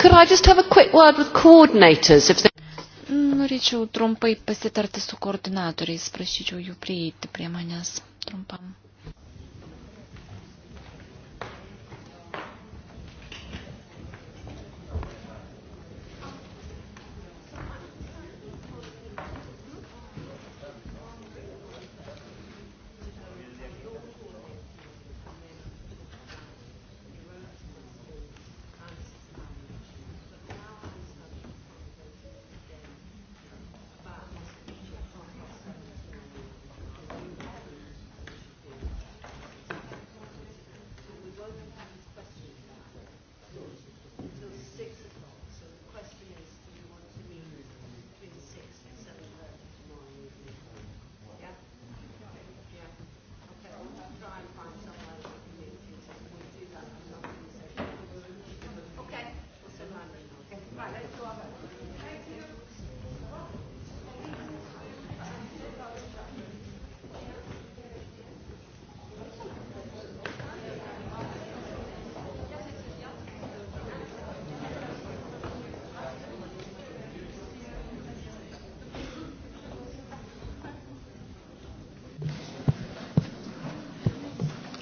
Could I just have a quick word with coordinators if they... Norėčiau trumpai pasitarti su koordinatoriais, prašyčiau jų prieiti prie manęs.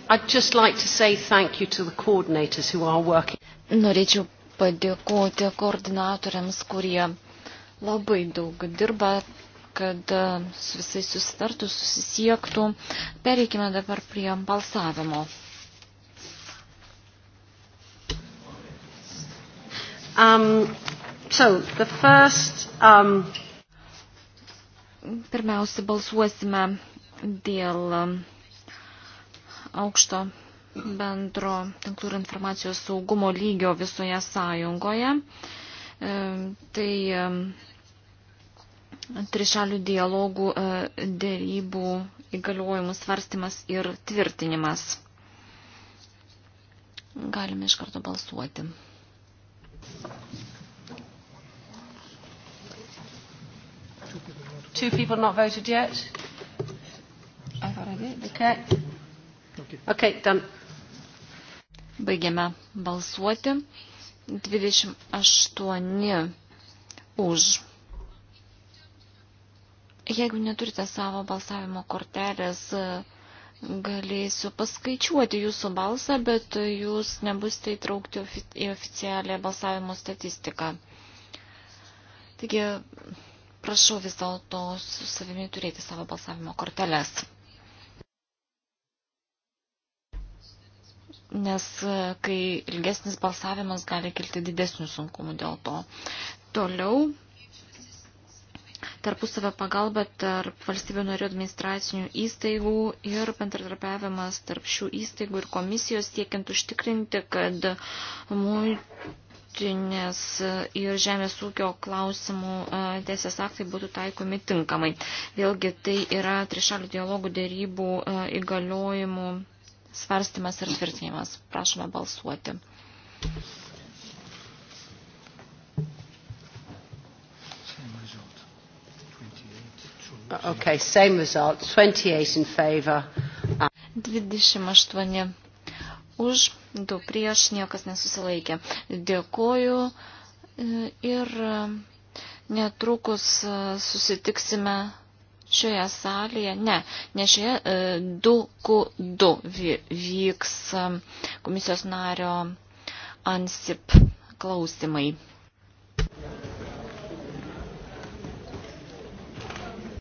like Norėčiau padėkoti koordinatoriams, kurie labai daug dirba, kad e, su visais susitartų, susisiektų. Pereikime dabar prie balsavimo. Um, so the first, um... Pirmiausia, balsuosime dėl aukšto bendro tinklų ir informacijos saugumo lygio visoje sąjungoje. E, tai e, trišalių dialogų e, dėrybų įgaliojimų svarstymas ir tvirtinimas. Galime iš karto balsuoti. Two people not voted yet. I thought I did. Okay. Okay, done. Baigiame balsuoti. 28 už. Jeigu neturite savo balsavimo kortelės, galėsiu paskaičiuoti jūsų balsą, bet jūs nebusite įtraukti į oficialią balsavimo statistiką. Taigi, prašau vis dėlto su savimi turėti savo balsavimo korteles. nes e, kai ilgesnis balsavimas gali kilti didesnių sunkumų dėl to. Toliau tarpusavio pagalba tarp valstybių narių administracinių įstaigų ir bendradarbiavimas tarp šių įstaigų ir komisijos siekiant užtikrinti, kad muitinės ir žemės ūkio klausimų e, teisės aktai būtų taikomi tinkamai. Vėlgi tai yra trišalių dialogų dėrybų e, įgaliojimų svarstymas ir tvirtinimas. Prašome balsuoti. Okay, same result, 28 in favor. 28 už, 2 prieš, niekas nesusilaikė. Dėkoju e, ir e, netrukus e, susitiksime šioje salėje, ne, ne šioje 2Q2 e, vyks e, komisijos nario ANSIP klausimai.